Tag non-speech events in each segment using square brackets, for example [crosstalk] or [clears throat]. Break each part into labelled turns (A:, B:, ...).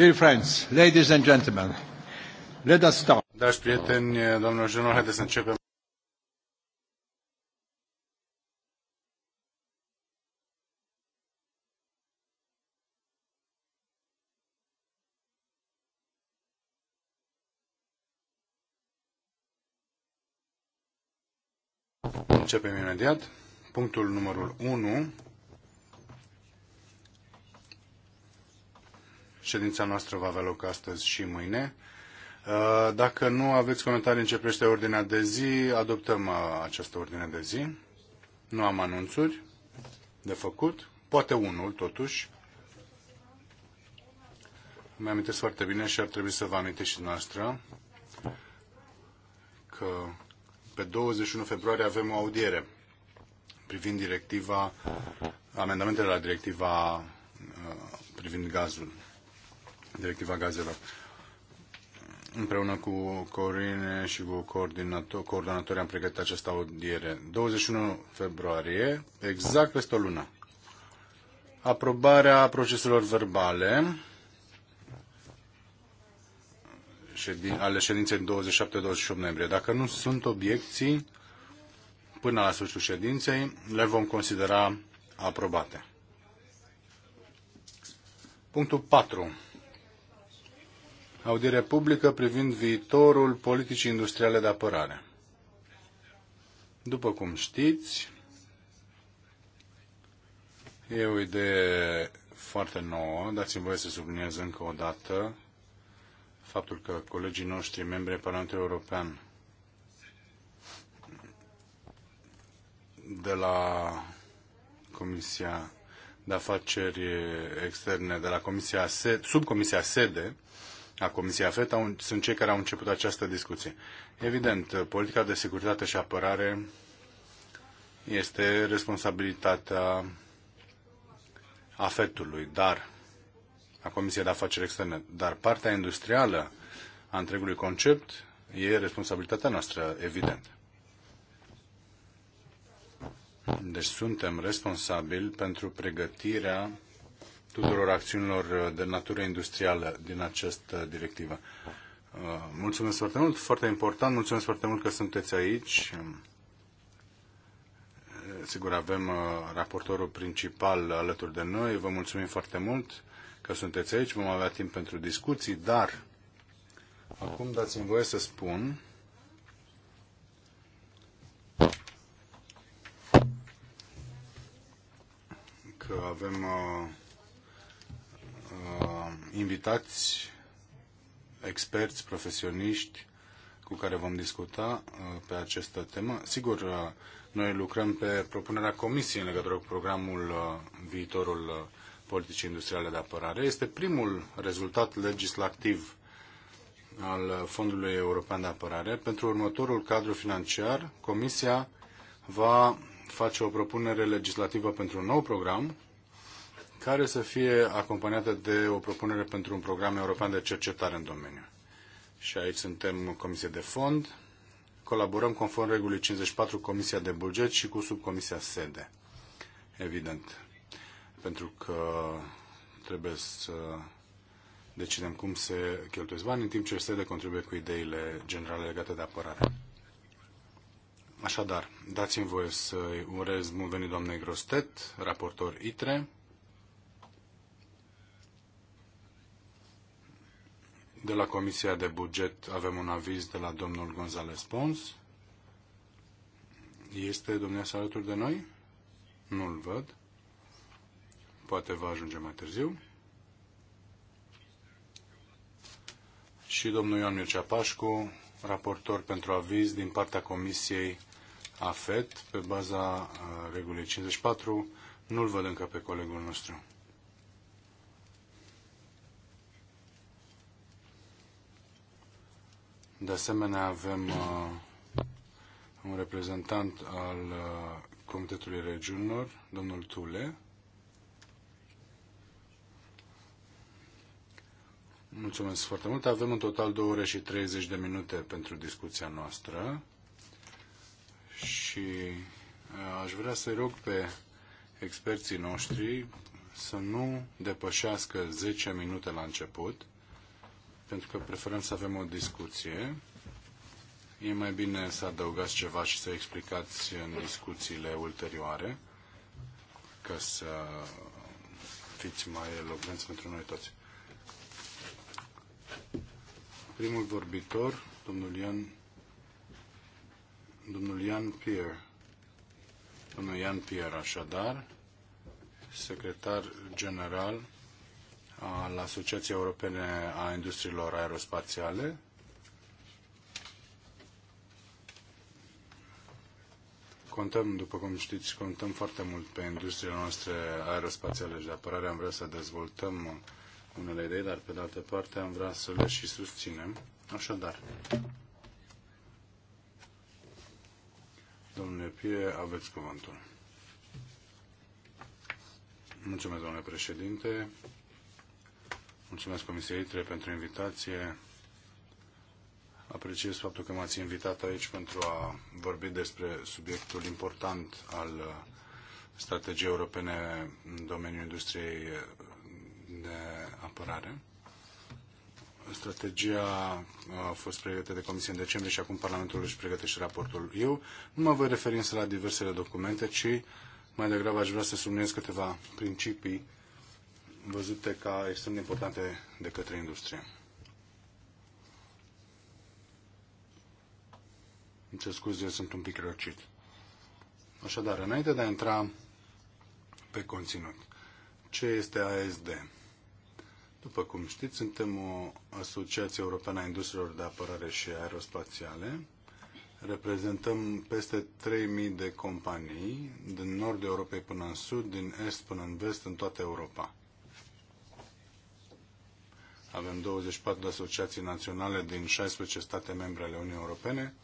A: Dear friends, ladies and gentlemen, let us start. Dragi prieteni, doamnelor și haideți să începem. Începem imediat. Punctul numărul 1 Ședința noastră va avea loc astăzi și mâine. Uh, dacă nu aveți comentarii în ce ordinea de zi, adoptăm uh, această ordine de zi. Nu am anunțuri de făcut, poate unul totuși. Mă amintesc foarte bine și ar trebui să vă amintesc și noastră că pe 21 februarie avem o audiere privind directiva, amendamentele la directiva uh, privind gazul directiva gazelor. Împreună cu Corine și cu coordinator, coordonatorii am pregătit această audiere. 21 februarie, exact peste o lună. Aprobarea proceselor verbale ședin, ale ședinței 27-28 noiembrie. Dacă nu sunt obiecții, până la sfârșitul ședinței, le vom considera aprobate. Punctul 4 audiere publică privind viitorul politicii industriale de apărare. După cum știți, e o idee foarte nouă. Dați-mi voie să subliniez încă o dată faptul că colegii noștri, membri ai Parlamentului European, de la Comisia de Afaceri Externe, de la Comisia sub Comisia Sede, a Comisiei AFET au, sunt cei care au început această discuție. Evident, politica de securitate și apărare este responsabilitatea afetului, dar a Comisiei de Afaceri Externe, dar partea industrială a întregului concept e responsabilitatea noastră, evident. Deci suntem responsabili pentru pregătirea tuturor acțiunilor de natură industrială din această directivă. Uh, mulțumesc foarte mult, foarte important, mulțumesc foarte mult că sunteți aici. Uh, sigur, avem uh, raportorul principal alături de noi. Vă mulțumim foarte mult că sunteți aici. Vom avea timp pentru discuții, dar acum dați-mi voie să spun că avem uh, invitați experți, profesioniști cu care vom discuta uh, pe această temă. Sigur, uh, noi lucrăm pe propunerea Comisiei în legătură cu programul uh, viitorul politicii industriale de apărare. Este primul rezultat legislativ al Fondului European de Apărare. Pentru următorul cadru financiar, Comisia va face o propunere legislativă pentru un nou program care să fie acompaniată de o propunere pentru un program european de cercetare în domeniu. Și aici suntem Comisie de Fond, colaborăm conform regulii 54 Comisia de Buget și cu subcomisia SEDE, evident, pentru că trebuie să decidem cum se cheltuiesc bani, în timp ce SEDE contribuie cu ideile generale legate de apărare. Așadar, dați-mi voie să-i urez bun venit doamnei Grostet, raportor ITRE, De la Comisia de Buget avem un aviz de la domnul González Pons. Este dumneavoastră alături de noi? Nu-l văd. Poate va ajunge mai târziu. Și domnul Ioan Mircea Pașcu, raportor pentru aviz din partea Comisiei AFET, pe baza uh, regulii 54. Nu-l văd încă pe colegul nostru. De asemenea, avem uh, un reprezentant al uh, Comitetului Regiunilor, domnul Tule. Mulțumesc foarte mult. Avem în total 2 ore și 30 de minute pentru discuția noastră și uh, aș vrea să-i rog pe experții noștri să nu depășească 10 minute la început pentru că preferăm să avem o discuție. E mai bine să adăugați ceva și să explicați în discuțiile ulterioare, ca să fiți mai elocvenți pentru noi toți. Primul vorbitor, domnul Ian, domnul Ian Pierre. Domnul Ian Pierre, așadar, secretar general al Asociației Europene a Industriilor Aerospațiale. Contăm, după cum știți, contăm foarte mult pe industriile noastre aerospațiale și de apărare. Am vrea să dezvoltăm unele idei, dar pe de altă parte am vrea să le și susținem. Așadar, domnule Pie, aveți cuvântul. Mulțumesc, domnule președinte. Mulțumesc Comisiei ITRE pentru invitație. Apreciez faptul că m-ați invitat aici pentru a vorbi despre subiectul important al uh, strategiei europene în domeniul industriei uh, de apărare. Strategia uh, a fost pregătită de Comisie în decembrie și acum Parlamentul își pregătește raportul. Eu nu mă voi referi însă la diversele documente, ci mai degrabă aș vrea să subliniez câteva principii văzute ca extrem de importante de către industrie. Îmi cer scuze, sunt un pic răcit. Așadar, înainte de a intra pe conținut, ce este ASD? După cum știți, suntem o asociație europeană a industriilor de apărare și aerospațiale. Reprezentăm peste 3.000 de companii din nordul Europei până în sud, din est până în vest, în toată Europa. Avem 24 de asociații naționale din 16 state membre ale Uniunii Europene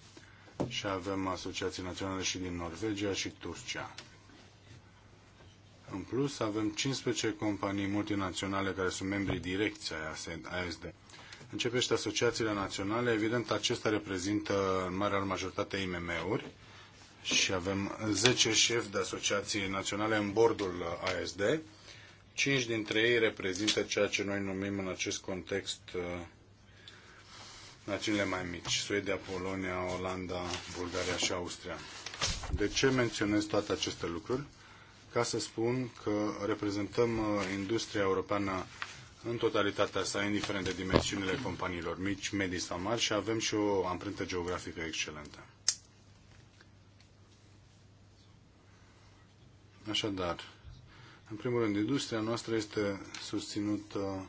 A: și avem asociații naționale și din Norvegia și Turcia. În plus, avem 15 companii multinaționale care sunt membri direcți ai ASD. Începește asociațiile naționale. Evident, acestea reprezintă în marea majoritate IMM-uri și avem 10 șefi de asociații naționale în bordul ASD Cinci dintre ei reprezintă ceea ce noi numim în acest context uh, națiunile mai mici, Suedia, Polonia, Olanda, Bulgaria și Austria. De ce menționez toate aceste lucruri? Ca să spun că reprezentăm uh, industria europeană în totalitatea sa, indiferent de dimensiunile companiilor mici, medii sau mari și avem și o amprentă geografică excelentă. Așadar, în primul rând, industria noastră este susținută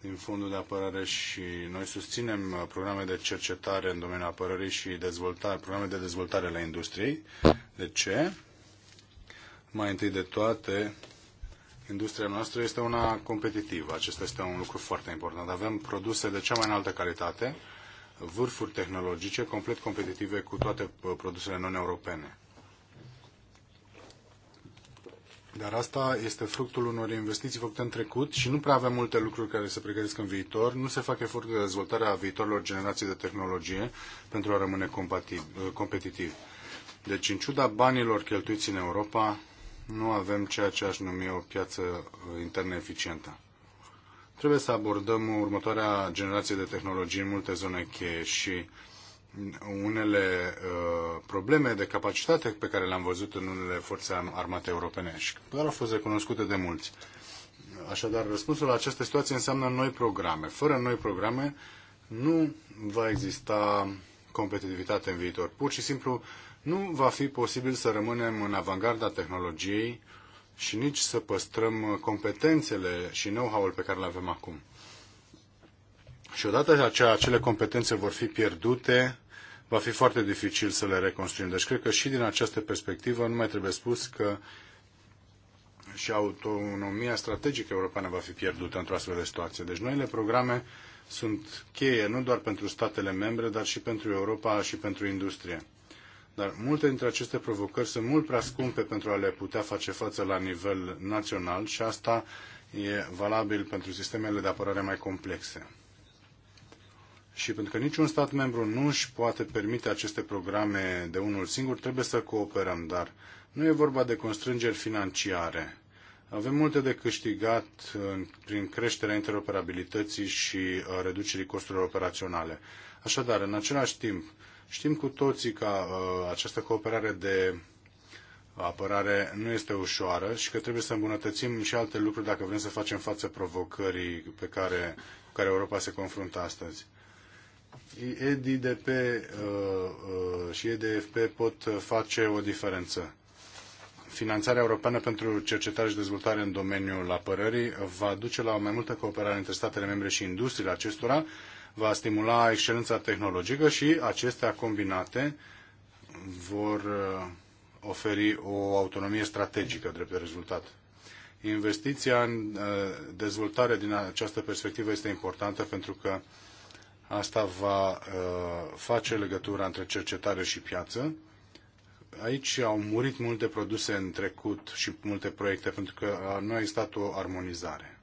A: din Fondul de Apărare și noi susținem programe de cercetare în domeniul apărării și dezvoltare, programe de dezvoltare la industriei. De ce? Mai întâi de toate, industria noastră este una competitivă. Acesta este un lucru foarte important. Avem produse de cea mai înaltă calitate, vârfuri tehnologice complet competitive cu toate uh, produsele non-europene. Dar asta este fructul unor investiții făcute în trecut și nu prea avem multe lucruri care se pregătesc în viitor. Nu se fac efort de dezvoltare a viitorilor generații de tehnologie pentru a rămâne competitiv. Deci, în ciuda banilor cheltuiți în Europa, nu avem ceea ce aș numi o piață uh, internă eficientă. Trebuie să abordăm următoarea generație de tehnologie în multe zone cheie și uh, unele uh, probleme de capacitate pe care le-am văzut în unele forțe armate europene și care au fost recunoscute de mulți. Așadar, răspunsul la această situație înseamnă noi programe. Fără noi programe nu va exista competitivitate în viitor. Pur și simplu nu va fi posibil să rămânem în avangarda tehnologiei și nici să păstrăm competențele și know-how-ul pe care le avem acum. Și odată ce acele competențe vor fi pierdute, va fi foarte dificil să le reconstruim. Deci cred că și din această perspectivă nu mai trebuie spus că și autonomia strategică europeană va fi pierdută într-o astfel de situație. Deci noile programe sunt cheie nu doar pentru statele membre, dar și pentru Europa și pentru industrie. Dar multe dintre aceste provocări sunt mult prea scumpe pentru a le putea face față la nivel național și asta e valabil pentru sistemele de apărare mai complexe. Și pentru că niciun stat membru nu își poate permite aceste programe de unul singur, trebuie să cooperăm, dar nu e vorba de constrângeri financiare. Avem multe de câștigat prin creșterea interoperabilității și uh, reducerii costurilor operaționale. Așadar, în același timp, știm cu toții că uh, această cooperare de apărare nu este ușoară și că trebuie să îmbunătățim și alte lucruri dacă vrem să facem față provocării pe care, cu care Europa se confruntă astăzi. EDDP uh, uh, și EDFP pot face o diferență. Finanțarea europeană pentru cercetare și dezvoltare în domeniul apărării va duce la o mai multă cooperare între statele membre și industriile acestora, va stimula excelența tehnologică și acestea combinate vor uh, oferi o autonomie strategică drept de rezultat. Investiția în dezvoltare din această perspectivă este importantă pentru că Asta va uh, face legătura între cercetare și piață. Aici au murit multe produse în trecut și multe proiecte pentru că uh, nu a existat o armonizare.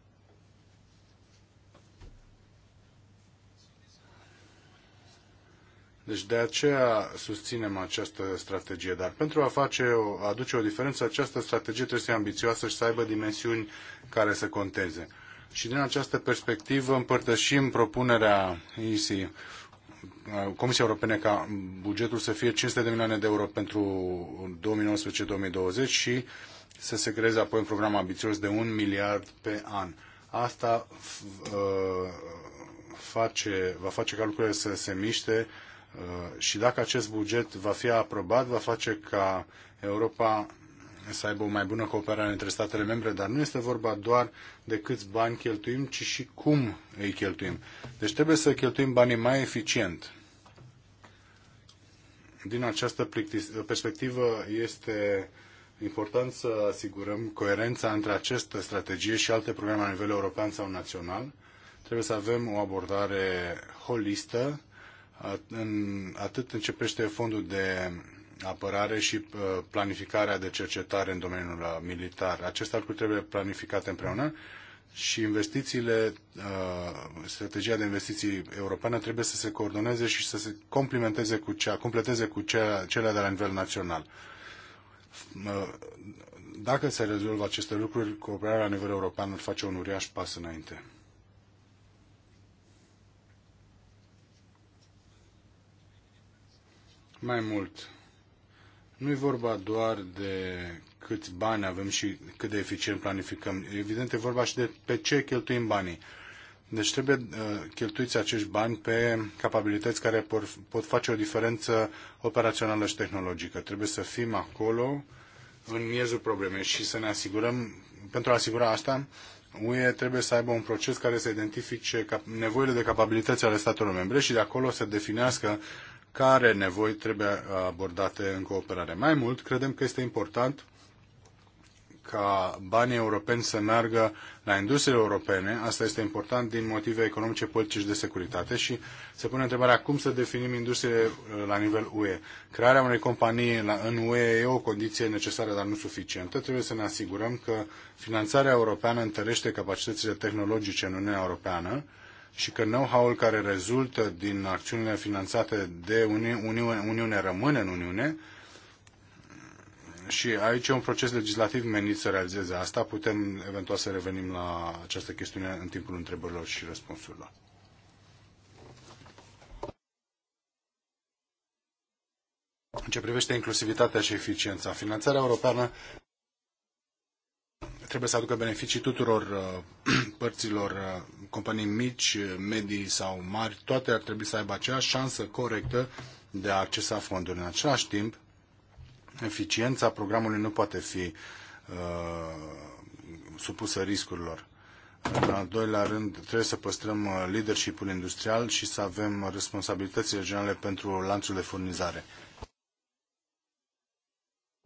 A: Deci de aceea susținem această strategie, dar pentru a face o, a aduce o diferență, această strategie trebuie să fie ambițioasă și să aibă dimensiuni care să conteze. Și din această perspectivă împărtășim propunerea ISI, Comisiei Europene ca bugetul să fie 500 de milioane de euro pentru 2019-2020 și să se creeze apoi un program ambițios de 1 miliard pe an. Asta uh, face, va face ca lucrurile să se miște uh, și dacă acest buget va fi aprobat, va face ca Europa să aibă o mai bună cooperare între statele membre, dar nu este vorba doar de câți bani cheltuim, ci și cum îi cheltuim. Deci trebuie să cheltuim banii mai eficient. Din această perspectivă este important să asigurăm coerența între această strategie și alte programe la nivel european sau național. Trebuie să avem o abordare holistă, atât începește fondul de apărare și uh, planificarea de cercetare în domeniul uh, militar. Aceste lucruri trebuie planificate împreună și investițiile, uh, strategia de investiții europeană trebuie să se coordoneze și să se cu cea, completeze cu cea, cele de la nivel național. Dacă se rezolvă aceste lucruri, cooperarea la nivel european îl face un uriaș pas înainte. Mai mult, nu e vorba doar de câți bani avem și cât de eficient planificăm. Evident, e vorba și de pe ce cheltuim banii. Deci trebuie uh, cheltuiți acești bani pe capabilități care por, pot face o diferență operațională și tehnologică. Trebuie să fim acolo în miezul problemei și să ne asigurăm, pentru a asigura asta, UE trebuie să aibă un proces care să identifice nevoile de capabilități ale statelor membre și de acolo să definească care nevoi trebuie abordate în cooperare. Mai mult, credem că este important ca banii europeni să meargă la industriile europene. Asta este important din motive economice, politice și de securitate și se pune întrebarea cum să definim industriile uh, la nivel UE. Crearea unei companii în UE e o condiție necesară, dar nu suficientă. Trebuie să ne asigurăm că finanțarea europeană întărește capacitățile tehnologice în Uniunea Europeană și că know-how-ul care rezultă din acțiunile finanțate de Uni- Uni- Uniune rămâne în Uniune. Și aici e un proces legislativ menit să realizeze asta. Putem eventual să revenim la această chestiune în timpul întrebărilor și răspunsurilor. În ce privește inclusivitatea și eficiența, finanțarea europeană trebuie să aducă beneficii tuturor uh, [clears throat] părților, uh, companii mici, medii sau mari, toate ar trebui să aibă aceeași șansă corectă de a accesa fonduri. În același timp, eficiența programului nu poate fi uh, supusă riscurilor. În al doilea rând, trebuie să păstrăm uh, leadership-ul industrial și să avem responsabilitățile regionale pentru lanțul de furnizare.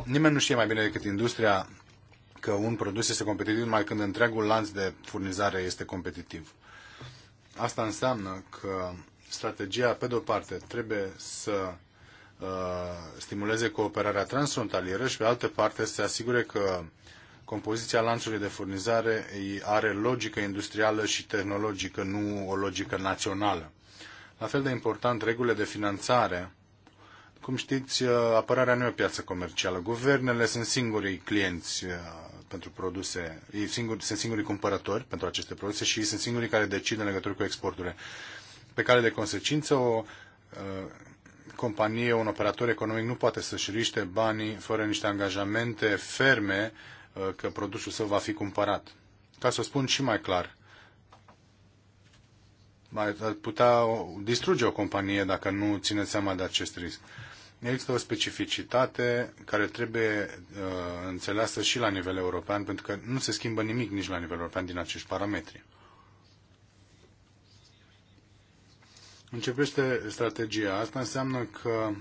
A: Nimeni nu știe mai bine decât industria că un produs este competitiv numai când întregul lanț de furnizare este competitiv. Asta înseamnă că strategia, pe de-o parte, trebuie să uh, stimuleze cooperarea transfrontalieră și, pe altă parte, să se asigure că compoziția lanțului de furnizare are logică industrială și tehnologică, nu o logică națională. La fel de important, regulile de finanțare. Cum știți, uh, apărarea nu e o piață comercială. Guvernele sunt singurii clienți uh, pentru produse. Ei singuri, sunt singurii cumpărători pentru aceste produse și ei sunt singurii care decid în legătură cu exporturile. Pe care de consecință o uh, companie, un operator economic nu poate să-și riște banii fără niște angajamente ferme uh, că produsul său va fi cumpărat. Ca să o spun și mai clar, ar putea distruge o companie dacă nu ține seama de acest risc. Există o specificitate care trebuie uh, înțeleasă și la nivel european, pentru că nu se schimbă nimic nici la nivel european din acești parametri. Începește strategia. Asta înseamnă că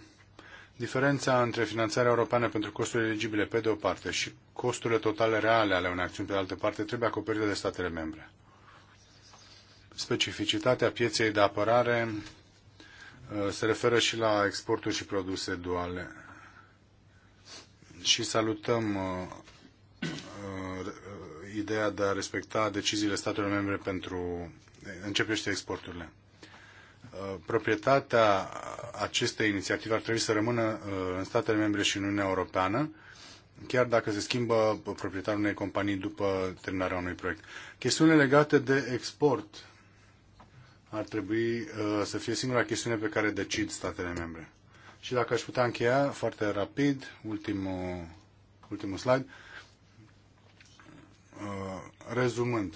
A: diferența între finanțarea europeană pentru costurile eligibile pe de o parte și costurile totale reale ale unei acțiuni pe de altă parte trebuie acoperite de statele membre. Specificitatea pieței de apărare Uh, se referă și la exporturi și produse duale. Și salutăm uh, uh, ideea de a respecta deciziile statelor membre pentru începește exporturile. Proprietatea acestei inițiative ar trebui să rămână în statele membre și în Uniunea Europeană, chiar dacă se schimbă proprietarul unei companii după terminarea unui proiect. Chestiunile legate de export ar trebui uh, să fie singura chestiune pe care decid statele membre. Și dacă aș putea încheia foarte rapid, ultimul, ultimul slide, uh, rezumând.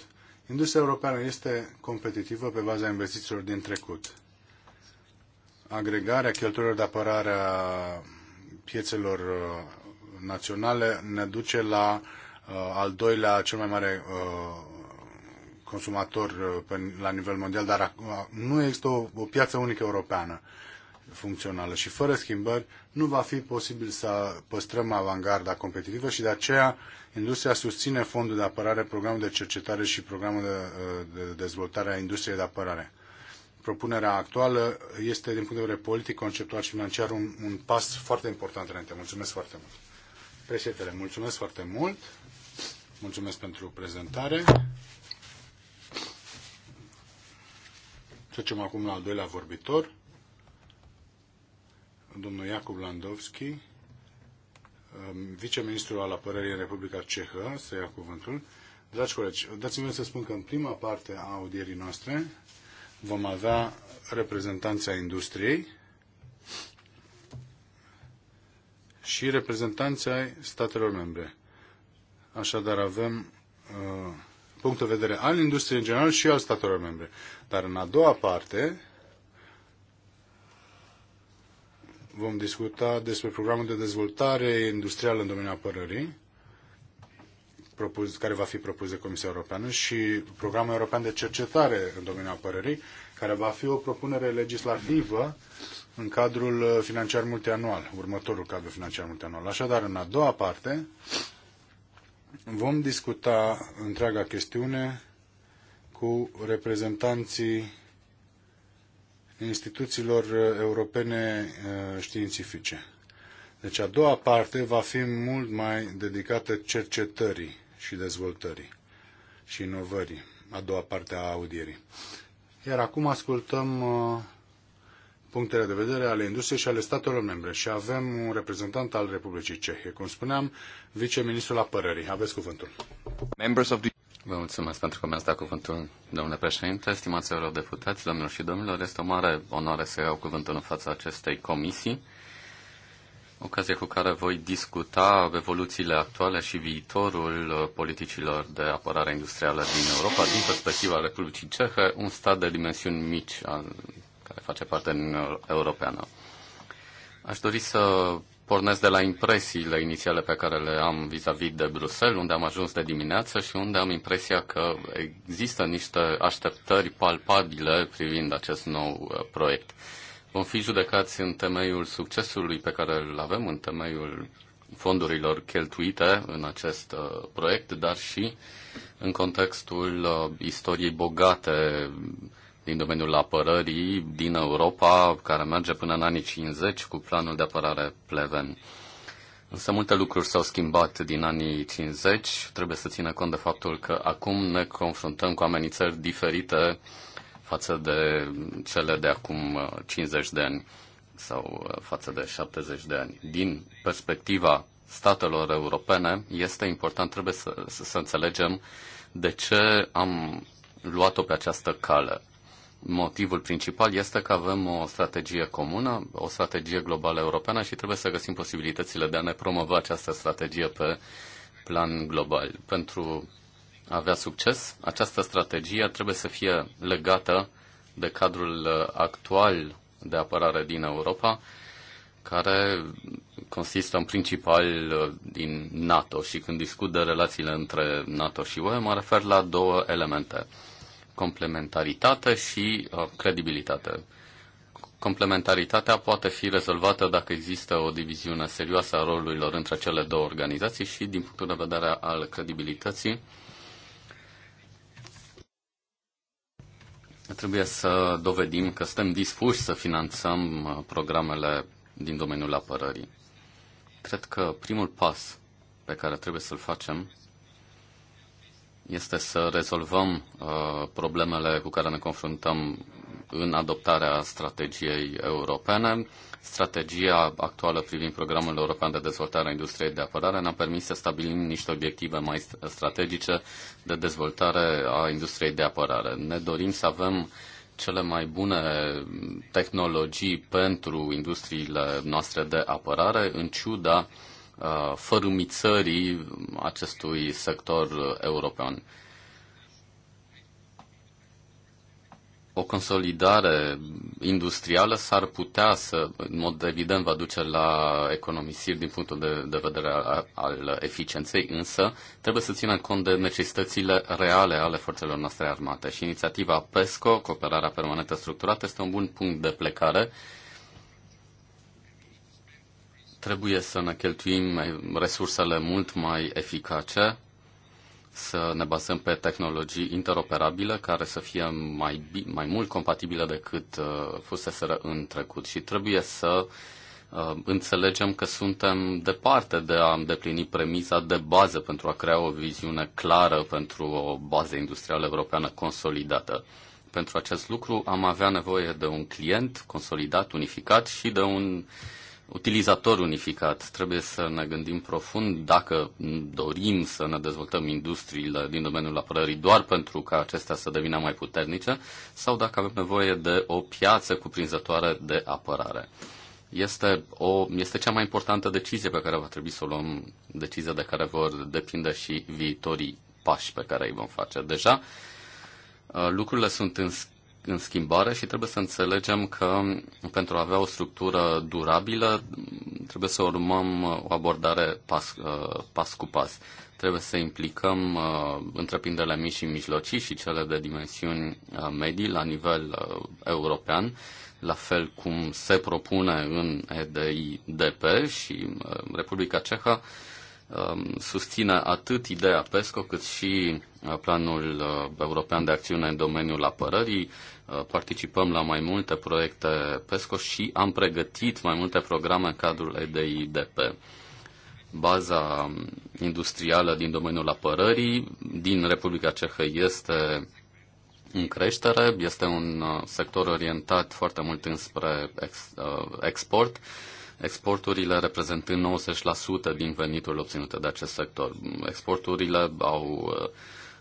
A: Industria europeană este competitivă pe baza investițiilor din trecut. Agregarea cheltuielor de apărare a piețelor uh, naționale ne duce la al doilea cel mai mare uh, consumator uh, la nivel mondial, dar uh, nu există o, o piață unică europeană funcțională și fără schimbări nu va fi posibil să păstrăm avangarda competitivă și de aceea industria susține fondul de apărare, programul de cercetare și programul de, uh, de dezvoltare a industriei de apărare. Propunerea actuală este, din punct de vedere politic, conceptual și financiar, un, un pas foarte important înainte. Mulțumesc foarte mult. Președintele, mulțumesc foarte mult. Mulțumesc pentru prezentare. Trecem acum la al doilea vorbitor, domnul Iacob Landovski, um, viceministrul al apărării în Republica Cehă, să ia cuvântul. Dragi colegi, dați-mi să spun că în prima parte a audierii noastre vom avea reprezentanța industriei și reprezentanța statelor membre. Așadar avem uh, punct de vedere al industriei în general și al statelor membre. Dar în a doua parte vom discuta despre programul de dezvoltare industrială în domeniul apărării, propus, care va fi propus de Comisia Europeană și programul european de cercetare în domeniul apărării, care va fi o propunere legislativă în cadrul uh, financiar multianual, următorul cadru financiar multianual. Așadar, în a doua parte, Vom discuta întreaga chestiune cu reprezentanții instituțiilor europene uh, științifice. Deci a doua parte va fi mult mai dedicată cercetării și dezvoltării și inovării, a doua parte a audierii. Iar acum ascultăm uh, punctele de vedere ale industriei și ale statelor membre și avem un reprezentant al Republicii Cehe, cum spuneam, viceministrul apărării. Aveți cuvântul.
B: Vă mulțumesc pentru că mi-ați dat cuvântul, domnule președinte, stimați eurodeputați, domnilor și domnilor. Este o mare onoare să iau cuvântul în fața acestei comisii, ocazie cu care voi discuta evoluțiile actuale și viitorul politicilor de apărare industrială din Europa din perspectiva Republicii Cehe, un stat de dimensiuni mici al care face parte din Europeană. Aș dori să pornesc de la impresiile inițiale pe care le am vis-a-vis -vis de Bruxelles, unde am ajuns de dimineață și unde am impresia că există niște așteptări palpabile privind acest nou uh, proiect. Vom fi judecați în temeiul succesului pe care îl avem, în temeiul fondurilor cheltuite în acest uh, proiect, dar și în contextul uh, istoriei bogate din domeniul apărării din Europa, care merge până în anii 50 cu planul de apărare Pleven. Însă multe lucruri s-au schimbat din anii 50. Trebuie să țină cont de faptul că acum ne confruntăm cu amenințări diferite față de cele de acum 50 uh, de ani sau uh, față de 70 de ani. Din perspectiva statelor europene, este important, trebuie să, să, să înțelegem de ce am luat-o pe această cale. Motivul principal este că avem o strategie comună, o strategie globală europeană și trebuie să găsim posibilitățile de a ne promova această strategie pe plan global. Pentru a avea succes, această strategie trebuie să fie legată de cadrul actual de apărare din Europa, care consistă în principal din NATO și când discut de relațiile între NATO și UE, mă refer la două elemente complementaritate și uh, credibilitate. Complementaritatea poate fi rezolvată dacă există o diviziune serioasă a rolurilor între cele două organizații și din punctul de vedere al credibilității trebuie să dovedim că suntem dispuși să finanțăm uh, programele din domeniul apărării. Cred că primul pas pe care trebuie să-l facem este să rezolvăm uh, problemele cu care ne confruntăm în adoptarea strategiei europene. Strategia actuală privind programul european de dezvoltare a industriei de apărare ne-a permis să stabilim niște obiective mai strategice de dezvoltare a industriei de apărare. Ne dorim să avem cele mai bune tehnologii pentru industriile noastre de apărare, în ciuda uh, Uh, fărâmițării acestui sector european. O consolidare industrială s-ar putea să, în mod evident, va duce la economisiri din punctul de, de vedere al, al eficienței, însă trebuie să ținem cont de necesitățile reale ale forțelor noastre armate și inițiativa PESCO, Cooperarea Permanentă Structurată, este un bun punct de plecare uh, Trebuie să ne cheltuim resursele mult mai eficace, să ne bazăm pe tehnologii interoperabile care să fie mai, mai mult compatibile decât uh, fuseseră în trecut și trebuie să uh, înțelegem că suntem departe de a îndeplini premisa de bază pentru a crea o viziune clară pentru o bază industrială europeană consolidată. Pentru acest lucru am avea nevoie de un client consolidat, unificat și de un uh, utilizator unificat. Trebuie să ne gândim profund dacă dorim să ne dezvoltăm industriile din domeniul apărării doar pentru ca acestea să devină mai puternice sau dacă avem nevoie de o piață cuprinzătoare de apărare. Este, o, este cea mai importantă decizie pe care va trebui să o luăm, decizia de care vor depinde și viitorii pași pe care îi vom face. Deja uh, lucrurile sunt în în schimbare și trebuie să înțelegem că pentru a avea o structură durabilă trebuie să urmăm o abordare pas, uh, pas cu pas. Trebuie să implicăm uh, întreprinderile mici și mijlocii și cele de dimensiuni uh, medii la nivel uh, european, la fel cum se propune în EDIDP și uh, Republica Cehă uh, Um, susține atât ideea PESCO cât și uh, planul uh, european de acțiune în domeniul apărării. Uh, participăm la mai multe proiecte PESCO și am pregătit mai multe programe în cadrul EDIDP. Baza um, industrială din domeniul apărării din Republica Cehă este în creștere, este un sector orientat foarte mult înspre export exporturile reprezentând 90% din veniturile obținute de acest sector. Exporturile au uh,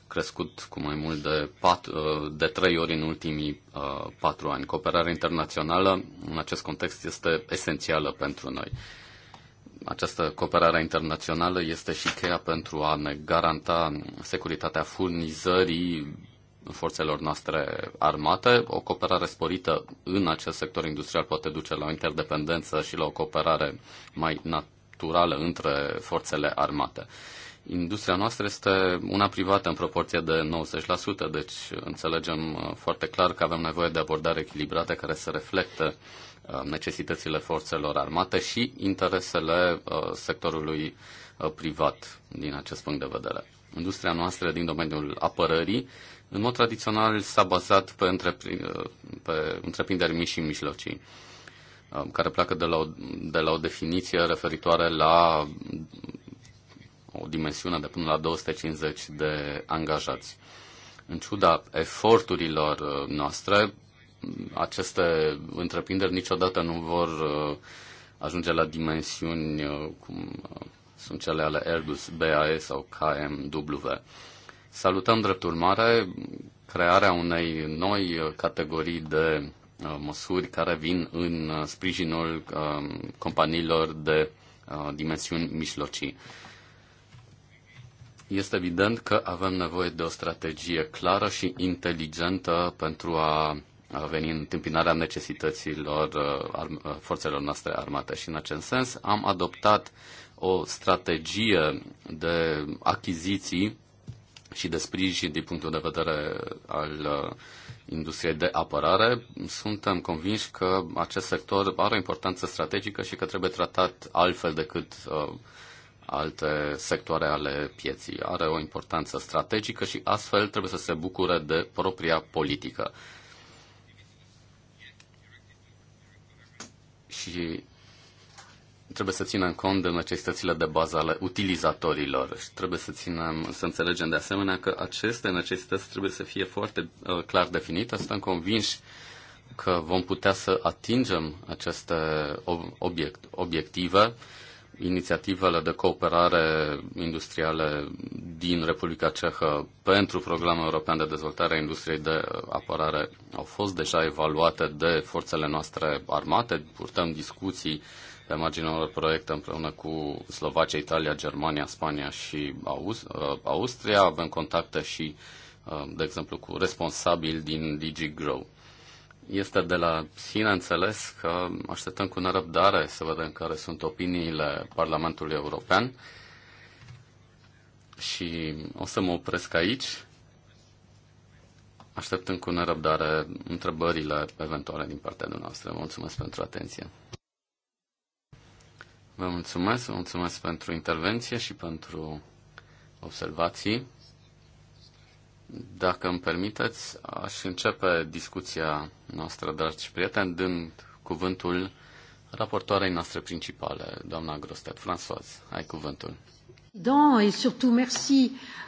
B: crescut cu mai mult de, pat, uh, de trei ori în ultimii uh, patru ani. Cooperarea internațională în acest context este esențială pentru noi. Această cooperare internațională este și cheia pentru a ne garanta securitatea furnizării forțelor noastre armate. O cooperare sporită în acest sector industrial poate duce la o interdependență și la o cooperare mai naturală între forțele armate. Industria noastră este una privată în proporție de 90%, deci înțelegem uh, foarte clar că avem nevoie de abordare echilibrată care să reflecte uh, necesitățile forțelor armate și interesele uh, sectorului privat din acest punct de vedere. Industria noastră din domeniul apărării în mod tradițional s-a bazat pe, întreprin- pe întreprinderi mici și mijlocii, uh, care pleacă de la, o, de la o definiție referitoare la o dimensiune de până la 250 de angajați. În ciuda eforturilor uh, noastre, aceste întreprinderi niciodată nu vor uh, ajunge la dimensiuni cum sunt cele ale Airbus, BAE sau KMW. Salutăm drept urmare crearea unei noi categorii de uh, măsuri care vin în uh, sprijinul um, companiilor de uh, dimensiuni mijlocii. Este evident că avem nevoie de o strategie clară și inteligentă pentru a veni în întâmpinarea necesităților forțelor noastre armate. Și în acest sens am adoptat o strategie de achiziții și de sprijin din punctul de vedere al uh, industriei de apărare, suntem convinși că acest sector are o importanță strategică și că trebuie tratat altfel decât uh, alte sectoare ale pieții. Are o importanță strategică și astfel trebuie să se bucure de propria politică. Și trebuie să ținem cont de necesitățile de bază ale utilizatorilor și trebuie să, ținem, să înțelegem de asemenea că aceste necesități trebuie să fie foarte uh, clar definite. Suntem convinși că vom putea să atingem aceste obiect, obiective. Inițiativele de cooperare industrială din Republica Cehă pentru Programul European de Dezvoltare a Industriei de Apărare au fost deja evaluate de forțele noastre armate. Purtăm discuții pe marginea unor proiecte împreună cu Slovacia, Italia, Germania, Spania și uh, Austria. Avem contacte și, uh, de exemplu, cu responsabili din DigiGrow. Este de la sine înțeles că așteptăm cu nerăbdare să vedem care sunt opiniile Parlamentului European și o să mă opresc aici. Așteptăm cu nerăbdare întrebările eventuale din partea dumneavoastră. Mulțumesc pentru atenție. Vă mulțumesc, vă mulțumesc pentru intervenție și pentru observații. Dacă îmi permiteți, aș începe discuția noastră, dragi prieteni, dând cuvântul raportoarei noastre principale, doamna Grostet. françois ai cuvântul.
C: Da, și surtout merci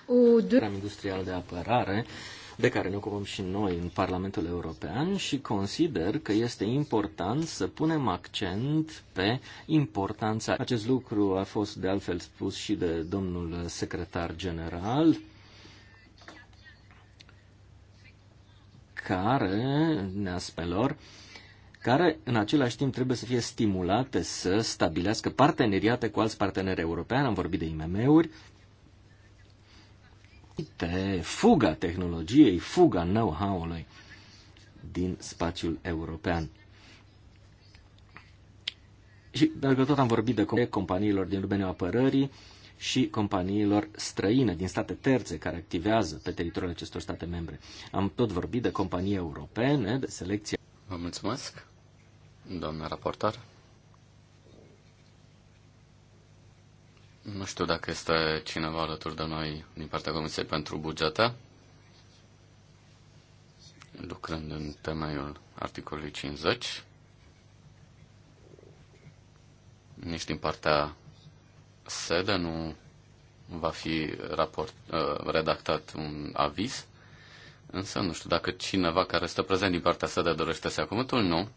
C: aux deux... Industrial de apărare de care ne ocupăm și noi în Parlamentul European și consider că este important să punem accent pe importanța. Acest lucru a fost de altfel spus și de domnul secretar general, care, neaspelor, care în același timp trebuie să fie stimulate să stabilească parteneriate cu alți parteneri europeni, am vorbit de IMM-uri, de fuga tehnologiei, fuga know-how-ului din spațiul european. Și dacă tot am vorbit de companiilor din domeniul apărării și companiilor străine din state terțe care activează pe teritoriul acestor state membre. Am tot vorbit de companii europene, de selecție. Vă mulțumesc,
B: doamna raportar. Nu știu dacă este cineva alături de noi din partea Comisiei pentru Bugete, lucrând în temeiul articolului 50, nici din partea sede nu va fi raport, uh, redactat un aviz, însă nu știu dacă cineva care stă prezent din partea sede dorește să ia cuvântul, nu.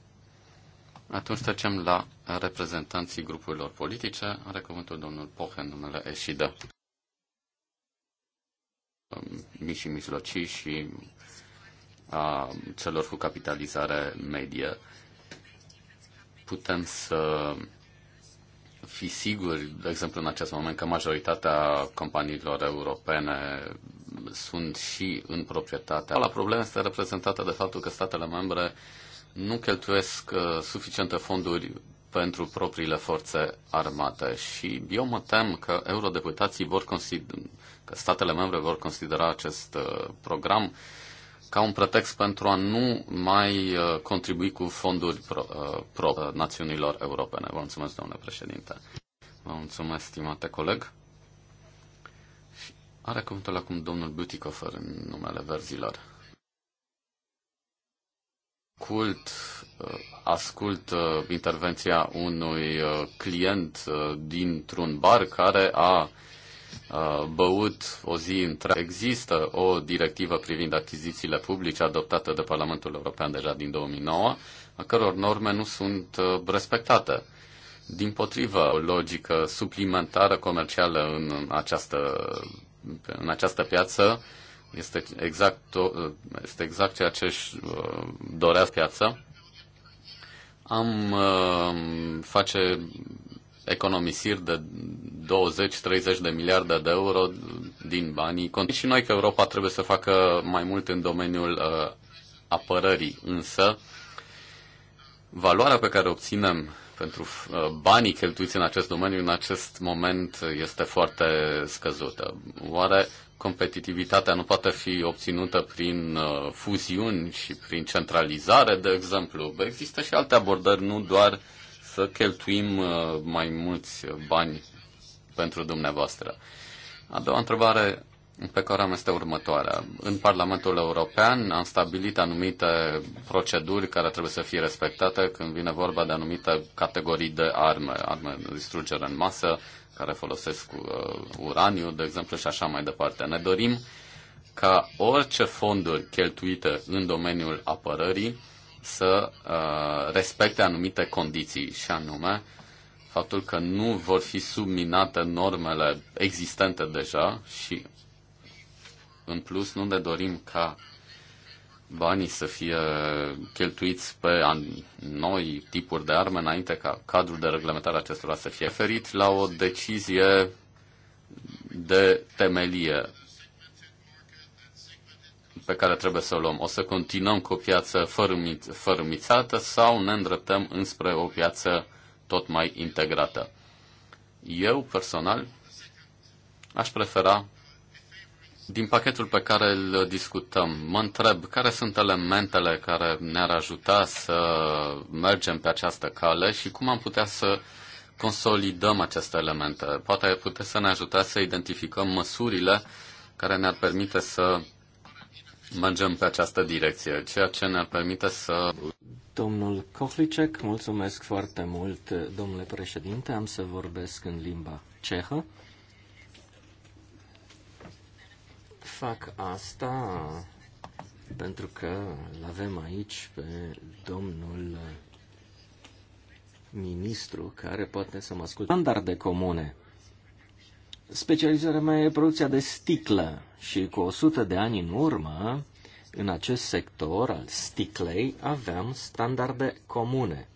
B: Atunci trecem la reprezentanții grupurilor politice. Are cuvântul domnul Poche în numele Eșidă. Um, mici și mijlocii și a celor cu capitalizare medie. Putem să fi siguri, de exemplu, în acest moment, că majoritatea companiilor europene sunt și în proprietate. La problemă este reprezentată de faptul că statele membre uh, nu cheltuiesc uh, suficiente fonduri pentru propriile forțe armate și eu mă tem că eurodeputații vor considera, că statele membre vor considera acest uh, program ca un pretext pentru a nu mai uh, contribui cu fonduri pro, pro națiunilor europene. Vă mulțumesc, domnule președinte. Vă mulțumesc, stimate coleg. Și are cuvântul acum domnul Butikofer în numele verzilor ascult, uh, ascult uh, intervenția unui uh, client dintr-un bar care a băut o zi întreagă. Există o directivă privind achizițiile publice adoptată de Parlamentul European deja din 2009, a căror norme nu sunt respectate. Din potrivă, o logică suplimentară comercială în această, în această piață este exact, este exact ceea ce își uh, dorea piața. Am uh, face economisiri de 20-30 de miliarde de euro din banii. Și noi că Europa trebuie să facă mai mult în domeniul uh, apărării, însă valoarea pe care o obținem pentru uh, banii cheltuiți în acest domeniu, în acest moment, este foarte scăzută. Oare competitivitatea nu poate fi obținută prin uh, fuziuni și prin centralizare, de exemplu. Există și alte abordări, nu doar să cheltuim uh, mai mulți bani pentru dumneavoastră. A doua întrebare pe care am este următoarea. În Parlamentul European am stabilit anumite proceduri care trebuie să fie respectate când vine vorba de anumite categorii de arme, arme de distrugere în masă, care folosesc uh, uraniu, de exemplu, și așa mai departe. Ne dorim ca orice fonduri cheltuite în domeniul apărării să uh, respecte anumite condiții, și anume faptul că nu vor fi subminate normele existente deja și, în plus, nu ne dorim ca banii să fie cheltuiți pe noi tipuri de arme înainte ca cadrul de reglementare acestora să fie ferit la o decizie de temelie pe care trebuie să o luăm. O să continuăm cu o piață fărâmițată sau ne îndreptăm înspre o piață tot mai integrată. Eu, personal, aș prefera din pachetul pe care îl discutăm, mă întreb care sunt elementele care ne-ar ajuta să mergem pe această cale și cum am putea să consolidăm aceste elemente. Poate puteți să ne ajutați să identificăm măsurile care ne-ar permite să mergem pe această direcție, ceea ce ne-ar permite să...
C: Domnul Kohlicek, mulțumesc foarte mult, domnule președinte, am să vorbesc în limba cehă. fac asta pentru că îl avem aici pe domnul ministru care poate să mă asculte. Standarde comune. Specializarea mea e producția de sticlă și cu 100 de ani în urmă, în acest sector al sticlei, aveam standarde comune.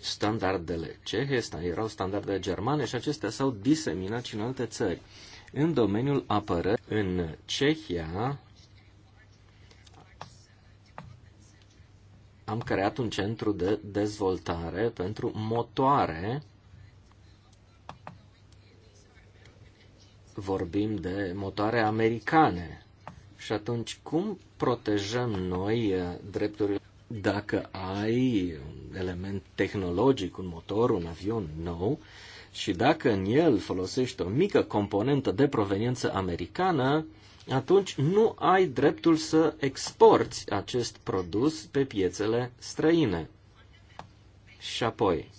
C: Standardele cehe erau standarde germane și acestea s-au diseminat și în alte țări. În domeniul apărării, în Cehia, am creat un centru de dezvoltare pentru motoare. Vorbim de motoare americane. Și atunci, cum protejăm noi uh, drepturile? Dacă ai un element tehnologic, un motor, un avion nou, și dacă în el folosești o mică componentă de proveniență americană, atunci nu ai dreptul să exporți acest produs pe piețele străine. Și apoi,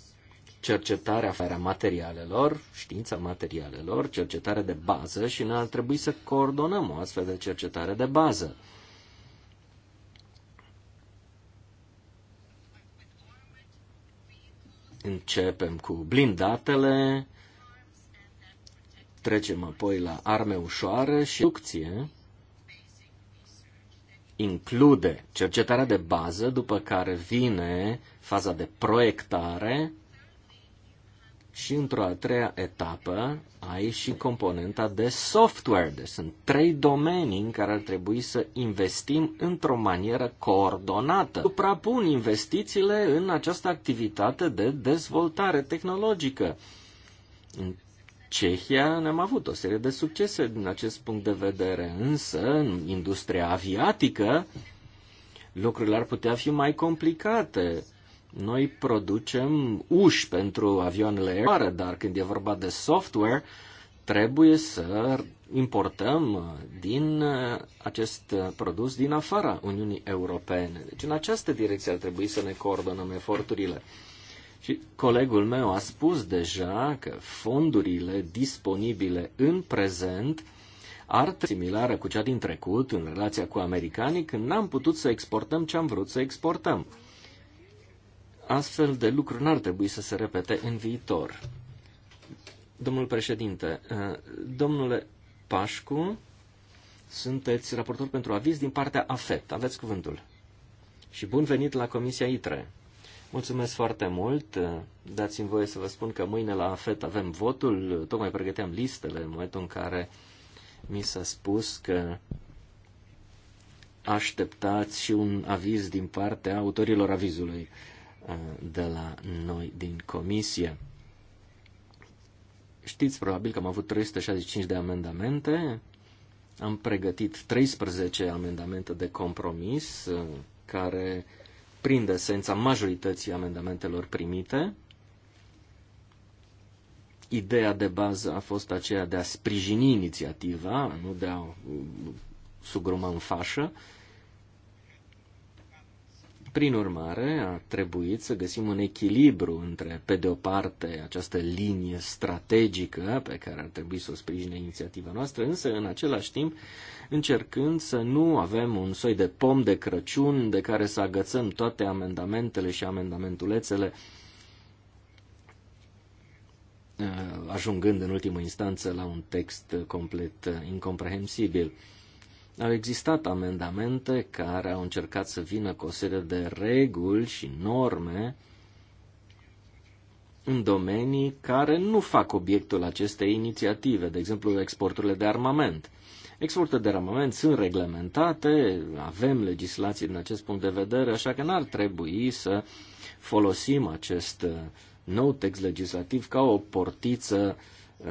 C: cercetarea afară materialelor, știința materialelor, cercetare de bază și noi ar trebui să coordonăm o astfel de cercetare de bază. Începem cu blindatele, trecem apoi la arme ușoare și producție include cercetarea de bază, după care vine faza de proiectare, și într-o a treia etapă ai și componenta de software. Deci sunt trei domenii în care ar trebui să investim într-o manieră coordonată. Suprapun investițiile în această activitate de dezvoltare tehnologică. În Cehia ne-am avut o serie de succese din acest punct de vedere, însă în industria aviatică lucrurile ar putea fi mai complicate noi producem uși pentru avioanele aeroare, dar când e vorba de software, trebuie să importăm din uh, acest uh, produs din afara Uniunii Europene. Deci în această direcție ar trebui să ne coordonăm eforturile. Și colegul meu a spus deja că fondurile disponibile în prezent ar similară cu cea din trecut în relația cu americanii când n-am putut să exportăm ce am vrut să exportăm astfel de lucruri n-ar trebui să se repete în viitor. Domnul președinte, uh, domnule Pașcu, sunteți raportor pentru aviz din partea AFET. Aveți cuvântul. Și bun venit la Comisia ITRE. Mulțumesc foarte mult. Uh, dați-mi voie să vă spun că mâine la AFET avem votul. Tocmai pregăteam listele în momentul în care mi s-a spus că așteptați și un aviz din partea autorilor avizului. Uh, de la noi din comisie. Știți probabil că am avut 365 de amendamente, am pregătit 13 amendamente de compromis uh, care prind esența majorității amendamentelor primite. Ideea de bază a fost aceea de a sprijini inițiativa, nu de a uh, sugruma în fașă, uh, prin urmare, a trebuit să găsim un echilibru între, pe de o parte, această linie strategică pe care ar trebui să o sprijine inițiativa noastră, însă, în același timp, încercând să nu avem un soi de pom de Crăciun de care să agățăm toate amendamentele și amendamentulețele, eh, ajungând în ultimă instanță la un text complet eh, incomprehensibil. Au existat amendamente care au încercat să vină cu o serie de reguli și norme în domenii care nu fac obiectul acestei inițiative, de exemplu exporturile de armament. Exporturile de armament sunt reglementate, avem legislații din acest punct de vedere, așa că n-ar trebui să folosim acest uh, nou text legislativ ca o portiță uh,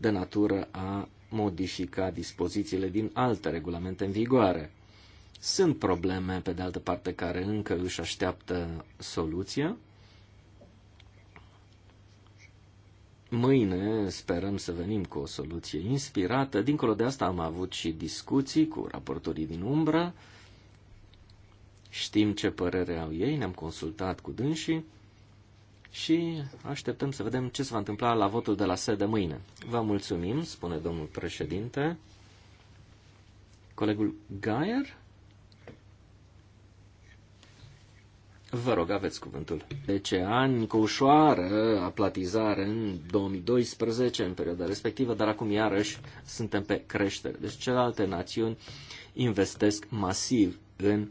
C: de natură a modifica dispozițiile din alte regulamente în vigoare. Sunt probleme, pe de altă parte, care încă își așteaptă soluția. Mâine sperăm să venim cu o soluție inspirată. Dincolo de asta am avut și discuții cu raportorii din umbră. Știm ce părere au ei, ne-am consultat cu dânsii și așteptăm să vedem ce se va întâmpla la votul de la sede mâine. Vă mulțumim, spune domnul președinte. Colegul Gaier? Vă rog, aveți cuvântul. 10 deci, ani cu ușoară aplatizare în 2012, în perioada respectivă, dar acum iarăși suntem pe creștere. Deci celelalte națiuni investesc masiv în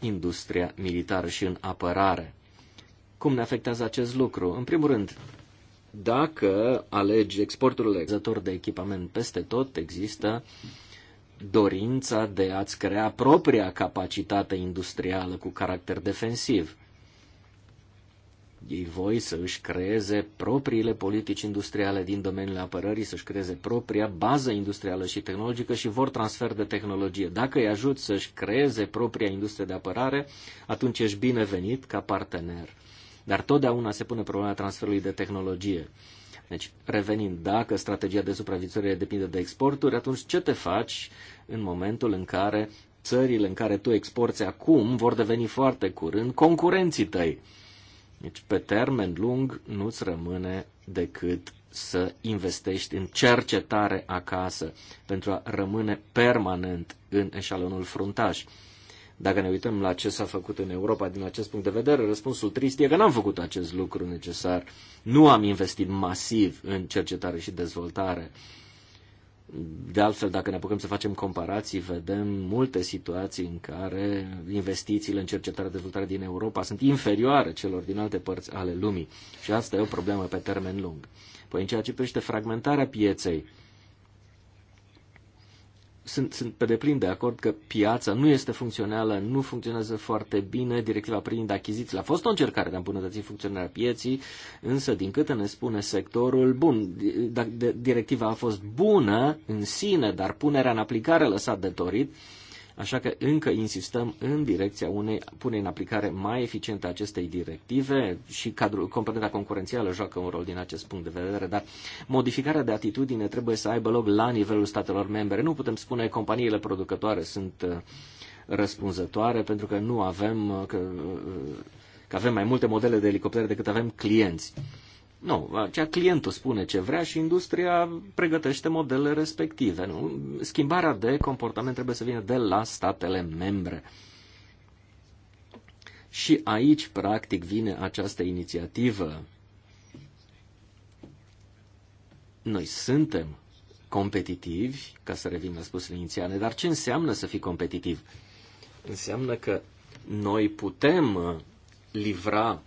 C: industria militară și în apărare. Cum ne afectează acest lucru? În primul rând, dacă alegi exportul exporturile de echipament peste tot, există dorința de a-ți crea propria capacitate industrială cu caracter defensiv. Ei voi să își creeze propriile politici industriale din domeniul apărării, să-și creeze propria bază industrială și tehnologică și vor transfer de tehnologie. Dacă îi ajut să-și creeze propria industrie de apărare, atunci ești binevenit ca partener dar totdeauna se pune problema transferului de tehnologie. Deci, revenind, dacă strategia de supraviețuire depinde de exporturi, atunci ce te faci în momentul în care țările în care tu exporți acum vor deveni foarte curând concurenții tăi? Deci, pe termen lung, nu-ți rămâne decât să investești în cercetare acasă pentru a rămâne permanent în eșalonul fruntaș. Dacă ne uităm la ce s-a făcut în Europa din acest punct de vedere, răspunsul trist e că n-am făcut acest lucru necesar. Nu am investit masiv în cercetare și dezvoltare. De altfel, dacă ne apucăm să facem comparații, vedem multe situații în care investițiile în cercetare și dezvoltare din Europa sunt inferioare celor din alte părți ale lumii. Și asta e o problemă pe termen lung. Păi în ceea ce privește fragmentarea pieței, sunt, sunt pe deplin de acord că piața nu este funcțională, nu funcționează foarte bine, directiva privind achizițiile a fost o încercare de a îmbunătăți funcționarea pieții, însă din câte ne spune sectorul, bun, da, directiva a fost bună în sine, dar punerea în aplicare lăsat de dorit, uh, Așa că încă insistăm în direcția unei pune în aplicare mai eficientă acestei directive și cadrul, componenta concurențială joacă un rol din acest punct de vedere, dar modificarea de atitudine trebuie să aibă loc la nivelul statelor membre. Nu putem spune că companiile producătoare sunt uh, răspunzătoare pentru că nu avem uh, că, uh, că avem mai multe modele de elicoptere decât avem clienți. Nu, acea clientul spune ce vrea și industria pregătește modele respective. Nu? Schimbarea de comportament trebuie să vină de la statele membre. Și aici, practic, vine această inițiativă. Noi suntem competitivi, ca să revin la spus inițiale, dar ce înseamnă să fii competitiv? Înseamnă că noi putem uh, livra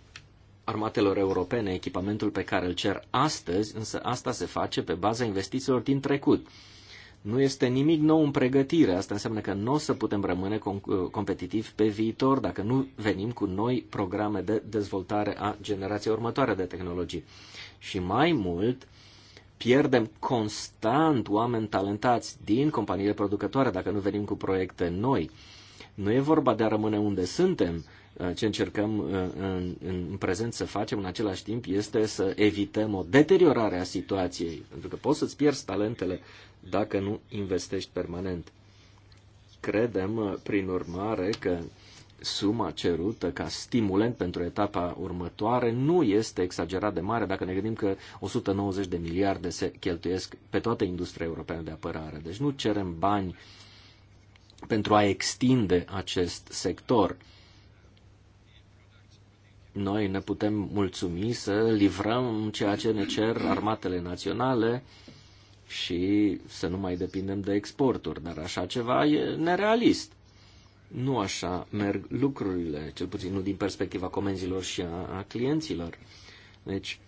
C: armatelor europene echipamentul pe care îl cer astăzi, însă asta se face pe baza investițiilor din trecut. Nu este nimic nou în pregătire. Asta înseamnă că nu o să putem rămâne uh, competitivi pe viitor dacă nu venim cu noi programe de dezvoltare a generației următoare de tehnologii. Și mai mult, pierdem constant oameni talentați din companiile producătoare dacă nu venim cu proiecte noi. Nu e vorba de a rămâne unde suntem, Uh, ce încercăm uh, în, în prezent să facem în același timp este să evităm o deteriorare a situației, pentru că poți să-ți pierzi talentele dacă nu investești permanent. Credem, uh, prin urmare, că suma cerută ca stimulent pentru etapa următoare nu este exagerat de mare dacă ne gândim că 190 de miliarde se cheltuiesc pe toată industria europeană de apărare. Deci nu cerem bani pentru a extinde acest sector noi ne putem mulțumi să livrăm ceea ce ne cer armatele naționale și să nu mai depindem de exporturi, dar așa ceva e nerealist. Nu așa merg lucrurile, cel puțin nu din perspectiva comenzilor și a, a clienților. Deci,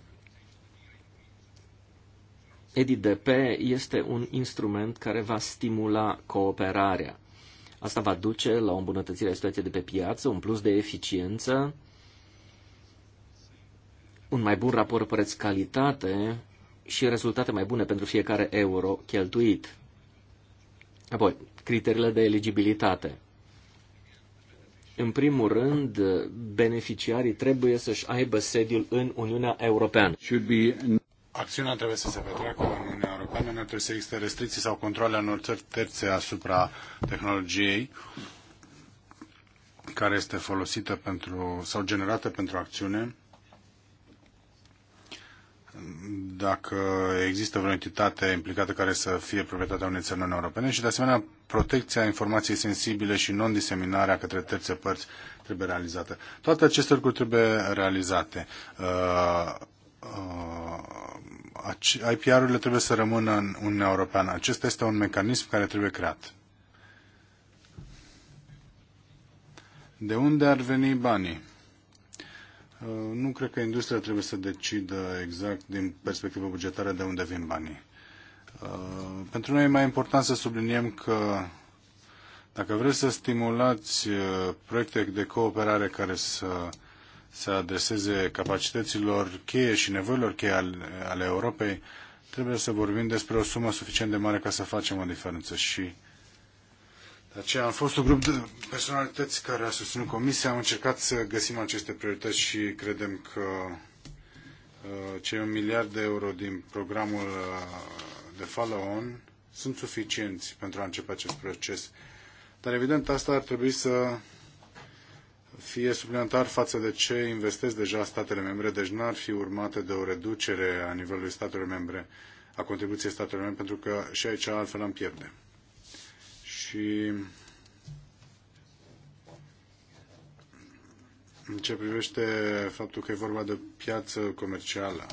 C: EDDP este un instrument care va stimula cooperarea. Asta va duce la o îmbunătățire a situației de pe piață, un plus de eficiență, un mai bun raport preț-calitate și rezultate mai bune pentru fiecare euro cheltuit. Apoi, criteriile de eligibilitate. În primul rând, beneficiarii
A: trebuie să-și aibă sediul în Uniunea Europeană. Acțiunea trebuie să se petreacă în Uniunea Europeană, nu trebuie să existe restricții sau controle în unor țări terțe asupra tehnologiei care este folosită pentru, sau generată pentru acțiune dacă există vreo entitate implicată care să fie proprietatea unei țări europene și, de asemenea, protecția informației sensibile și non-diseminarea către terțe părți trebuie realizată. Toate aceste lucruri trebuie realizate. Uh, uh, IPR-urile trebuie să rămână în Uniunea Europeană. Acesta este un mecanism care trebuie creat. De unde ar veni banii? Uh, nu cred că industria trebuie să decidă exact din perspectivă bugetară de unde vin banii. Uh, pentru noi e mai important să subliniem că dacă vreți să stimulați uh, proiecte de cooperare care să se adreseze capacităților cheie și nevoilor cheie ale Europei, trebuie să vorbim despre o sumă suficient de mare ca să facem o diferență și de aceea am fost un grup de personalități care a susținut comisia, am încercat să găsim aceste priorități și credem că uh, cei un miliard de euro din programul uh, de follow-on sunt suficienți pentru a începe acest proces. Dar evident asta ar trebui să fie suplimentar față de ce investesc deja statele membre, deci n-ar fi urmate de o reducere a nivelului statelor membre, a contribuției statelor membre, pentru că și aici altfel am pierde. Și în ce privește faptul că e vorba de piață comercială.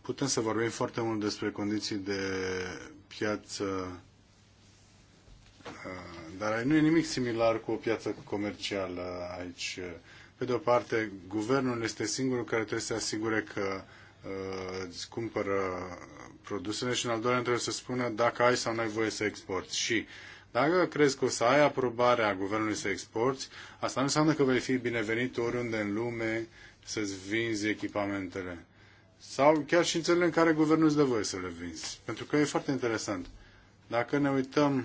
A: Putem să vorbim foarte mult despre condiții de piață, uh, dar nu e nimic similar cu o piață comercială aici. Pe de o parte, guvernul este singurul care trebuie să asigure că Uh, îți cumpără produsele și în al doilea trebuie să spună dacă ai sau nu ai voie să exporti. Și dacă crezi că o să ai aprobarea guvernului să exporti, asta nu înseamnă că vei fi binevenit oriunde în lume să-ți vinzi echipamentele. Sau chiar și în țările în care guvernul îți dă voie să le vinzi. Pentru că e foarte interesant. Dacă ne uităm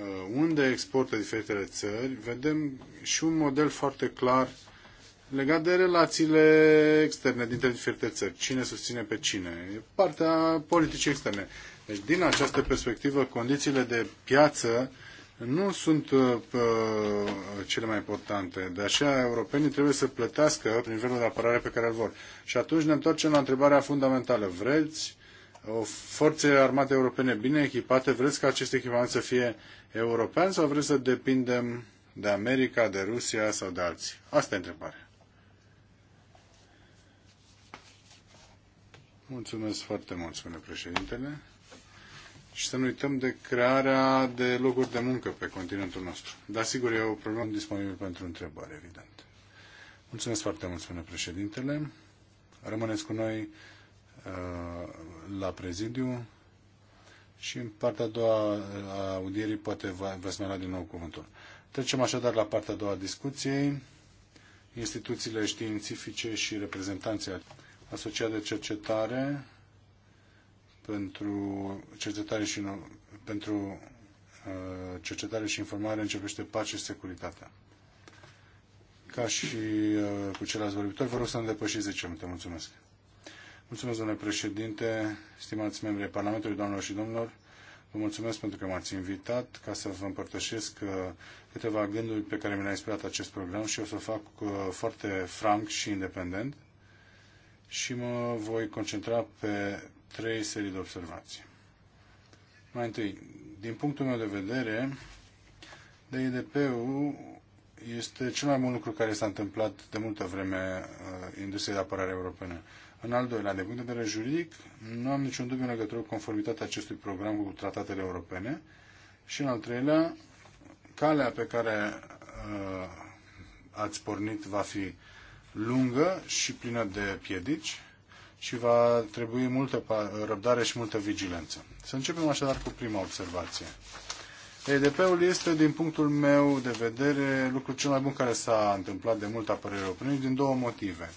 A: uh, unde exportă diferitele țări, vedem și un model foarte clar uh, Legat de relațiile externe dintre diferite țări, cine susține pe cine, e partea politicii externe. Deci, din această perspectivă, condițiile de piață nu sunt uh, uh cele mai importante. De aceea, europenii trebuie să plătească nivelul de apărare pe care îl vor. Și atunci ne întoarcem la întrebarea fundamentală. Vreți o forțe armate europene bine echipate? Vreți ca acest echipament să fie european sau vreți să depindem de America, de Rusia sau de alții? Asta e întrebarea. Mulțumesc foarte mult, spune președintele. Și să nu uităm de crearea de locuri de muncă pe continentul nostru. Dar sigur, e o problemă disponibil pentru întrebare, evident. Mulțumesc foarte mult, spune președintele. Rămâneți cu noi uh, la prezidiu și în partea a doua uh, a audierii poate veți mai lua din nou cuvântul. Trecem așadar la partea a doua a discuției, instituțiile științifice și reprezentanții asociat de cercetare pentru cercetare și, pentru uh, cercetare și informare începește pace și securitatea. Ca și uh, cu ceilalți vorbitori, vă rog să ne depășiți 10 minute. Mulțumesc. Mulțumesc, domnule președinte, stimați membri ai Parlamentului, doamnelor și domnilor. Vă mulțumesc pentru că m-ați invitat ca să vă împărtășesc uh, câteva gânduri pe care mi le-a inspirat acest program și o să o fac foarte franc și independent și mă voi concentra pe trei serii de observații. Mai întâi, din punctul meu de vedere, DIDP-ul este cel mai bun lucru care s-a întâmplat de multă vreme uh, industriei de apărare europene. În al doilea, de punct de vedere juridic, nu am niciun dubiu în legătură cu conformitatea acestui program cu tratatele europene. Și în al treilea, calea pe care uh, ați pornit va fi lungă și plină de piedici și va trebui multă răbdare și multă vigilență. Să începem așadar cu prima observație. EDP-ul este, din punctul meu de vedere, lucrul cel mai bun care s-a întâmplat de mult apărere opinii din două motive.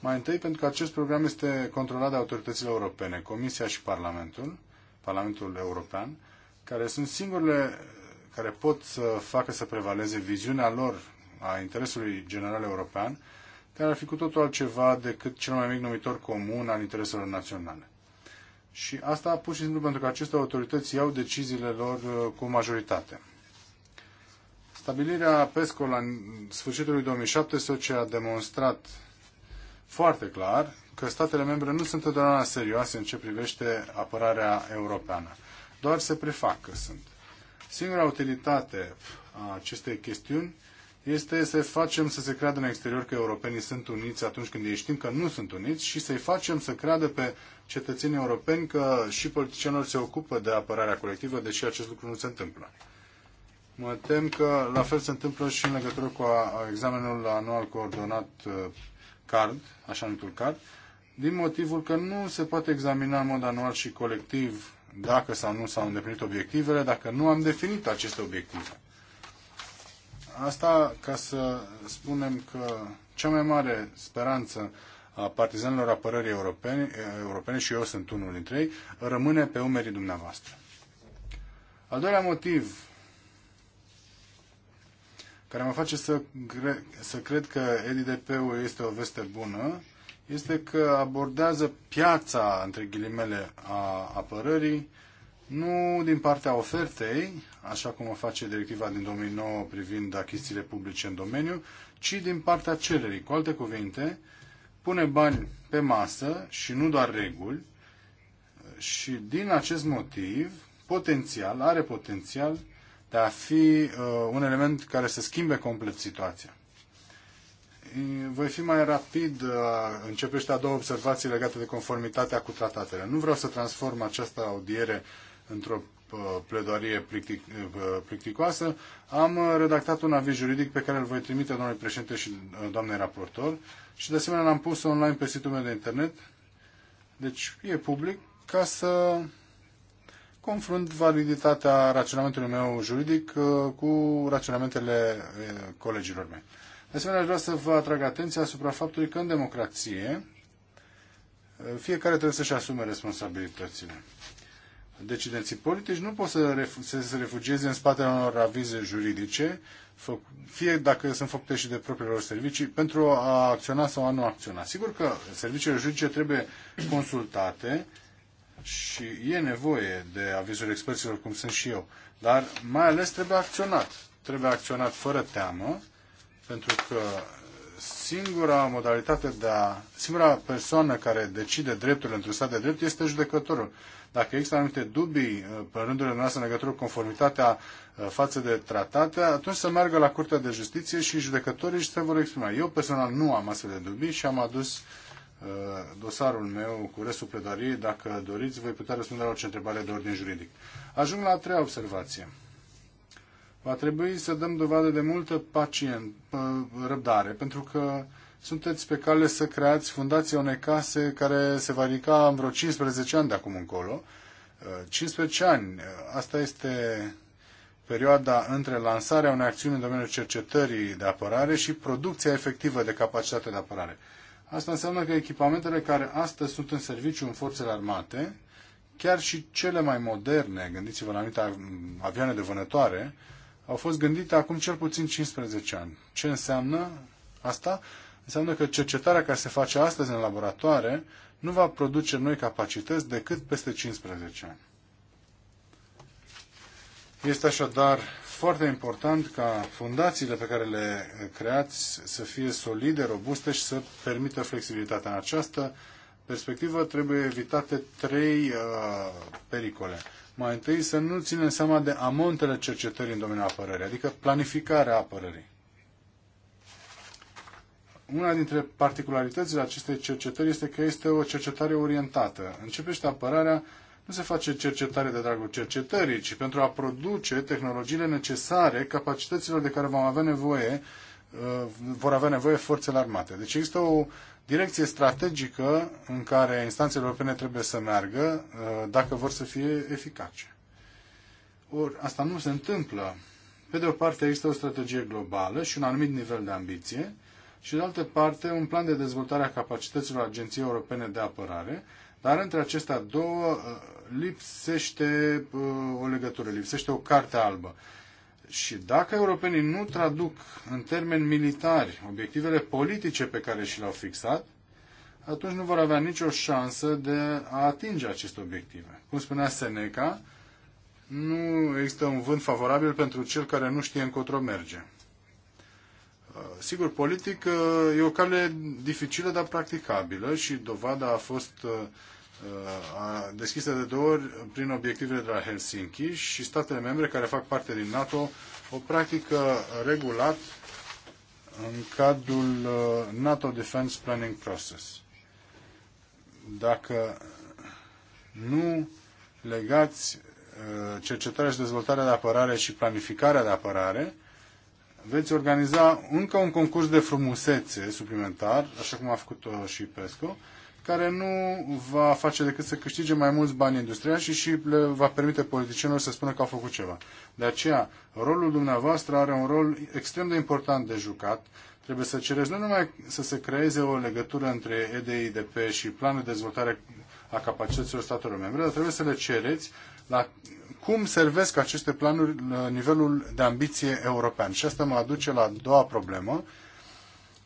A: Mai întâi, pentru că acest program este controlat de autoritățile europene, Comisia și Parlamentul, Parlamentul European, care sunt singurele care pot să facă să prevaleze viziunea lor a interesului general european care ar fi cu totul altceva decât cel mai mic numitor comun al intereselor naționale. Și asta pur și simplu pentru că aceste autorități iau deciziile lor uh, cu majoritate. Stabilirea PESCO la sfârșitul 2017 a demonstrat foarte clar că statele membre nu sunt întotdeauna serioase în ce privește apărarea europeană. Doar se prefac că sunt. Singura utilitate a acestei chestiuni este să facem să se creadă în exterior că europenii sunt uniți atunci când ei știm că nu sunt uniți și să-i facem să creadă pe cetățenii europeni că și politicienilor se ocupă de apărarea colectivă, deși acest lucru nu se întâmplă. Mă tem că la fel se întâmplă și în legătură cu examenul anual coordonat uh, CARD, așa numitul CARD, din motivul că nu se poate examina în mod anual și colectiv dacă sau nu s-au îndeplinit obiectivele, dacă nu am definit aceste obiective. Asta ca să spunem că cea mai mare speranță a partizanilor apărării europene, europene și eu sunt unul dintre ei, rămâne pe umerii dumneavoastră. Al doilea motiv care mă face să, cre- să cred că eddp ul este o veste bună, este că abordează piața, între ghilimele, a apărării nu din partea ofertei, așa cum o face directiva din 2009 privind achizițiile publice în domeniu, ci din partea cererii. Cu alte cuvinte, pune bani pe masă și nu doar reguli și din acest motiv potențial, are potențial de a fi uh, un element care să schimbe complet situația. Voi fi mai rapid, uh, începește a doua observații legate de conformitatea cu tratatele. Nu vreau să transform această audiere uh, într-o uh, pledoarie plictic, uh, plicticoasă, am redactat un aviz juridic pe care îl voi trimite domnului președinte și uh, doamnei raportor și de asemenea l-am pus online pe site-ul meu de internet, deci e public, ca să confrunt validitatea raționamentului meu juridic cu raționamentele colegilor mei. De asemenea, vrea să vă atrag atenția asupra faptului că în democrație fiecare trebuie să-și asume responsabilitățile decidenții politici nu pot să, se refugieze în spatele unor avize juridice, fie dacă sunt făcute și de propriile lor servicii, pentru a acționa sau a nu acționa. Sigur că serviciile juridice trebuie consultate și e nevoie de avizul experților, cum sunt și eu, dar mai ales trebuie acționat. Trebuie acționat fără teamă, pentru că singura modalitate de a, singura persoană care decide dreptul într-un stat de drept este judecătorul. Dacă există anumite dubii uh, pe rândurile noastre în legătură cu conformitatea uh, față de tratate, atunci să meargă la Curtea de Justiție și judecătorii și se vor exprima. Eu personal nu am astfel de dubii și am adus uh, dosarul meu cu restul pledariei. Dacă doriți, voi putea răspunde la orice întrebare de ordin juridic. Ajung la a treia observație. Va trebui să dăm dovadă de multă pacient, răbdare, pentru că sunteți pe cale să creați fundația unei case care se va ridica în vreo 15 ani de acum încolo. 15 uh, ani, uh, asta este perioada între lansarea unei acțiuni în domeniul cercetării de apărare și producția efectivă de capacitate de apărare. Asta înseamnă că echipamentele care astăzi sunt în serviciu în forțele armate, chiar și cele mai moderne, gândiți-vă la anumite avioane de vânătoare, au fost gândite acum cel puțin 15 ani. Ce înseamnă asta? înseamnă că cercetarea care se face astăzi în laboratoare nu va produce noi capacități decât peste 15 ani. Este așadar foarte important ca fundațiile pe care le creați să fie solide, robuste și să permită flexibilitatea. În această perspectivă trebuie evitate trei uh, pericole. Mai întâi să nu ținem seama de amontele cercetării în domeniul apărării, adică planificarea apărării una dintre particularitățile acestei cercetări este că este o cercetare orientată. Începește apărarea, nu se face cercetare de dragul cercetării, ci pentru a produce tehnologiile necesare capacităților de care vom avea nevoie, uh, vor avea nevoie forțele armate. Deci există o direcție strategică în care instanțele europene trebuie să meargă uh, dacă vor să fie eficace. Ori asta nu se întâmplă. Pe de o parte există o strategie globală și un anumit nivel de ambiție, și, de altă parte, un plan de dezvoltare a capacităților Agenției Europene de Apărare, dar între acestea două uh, lipsește uh, o legătură, lipsește o carte albă. Și dacă europenii nu traduc în termeni militari obiectivele politice pe care și le-au fixat, atunci nu vor avea nicio șansă de a atinge aceste obiective. Cum spunea Seneca, nu există un vânt favorabil pentru cel care nu știe încotro merge. Sigur, politic e o cale dificilă, dar practicabilă și dovada a fost uh, uh, a deschisă de două ori prin obiectivele de la Helsinki și statele membre care fac parte din NATO o practică regulat în cadrul uh, NATO Defense Planning Process. Dacă nu legați cercetarea și dezvoltarea de apărare și planificarea de apărare, veți organiza încă un concurs de frumusețe suplimentar, așa cum a făcut-o și PESCO, care nu va face decât să câștige mai mulți bani industriali și, și le va permite politicienilor să spună că au făcut ceva. De aceea, rolul dumneavoastră are un rol extrem de important de jucat. Trebuie să cereți nu numai să se creeze o legătură între EDIDP și planul de dezvoltare a capacităților statelor membre, dar trebuie să le cereți la cum servesc aceste planuri la nivelul de ambiție european. Și asta mă aduce la a doua problemă,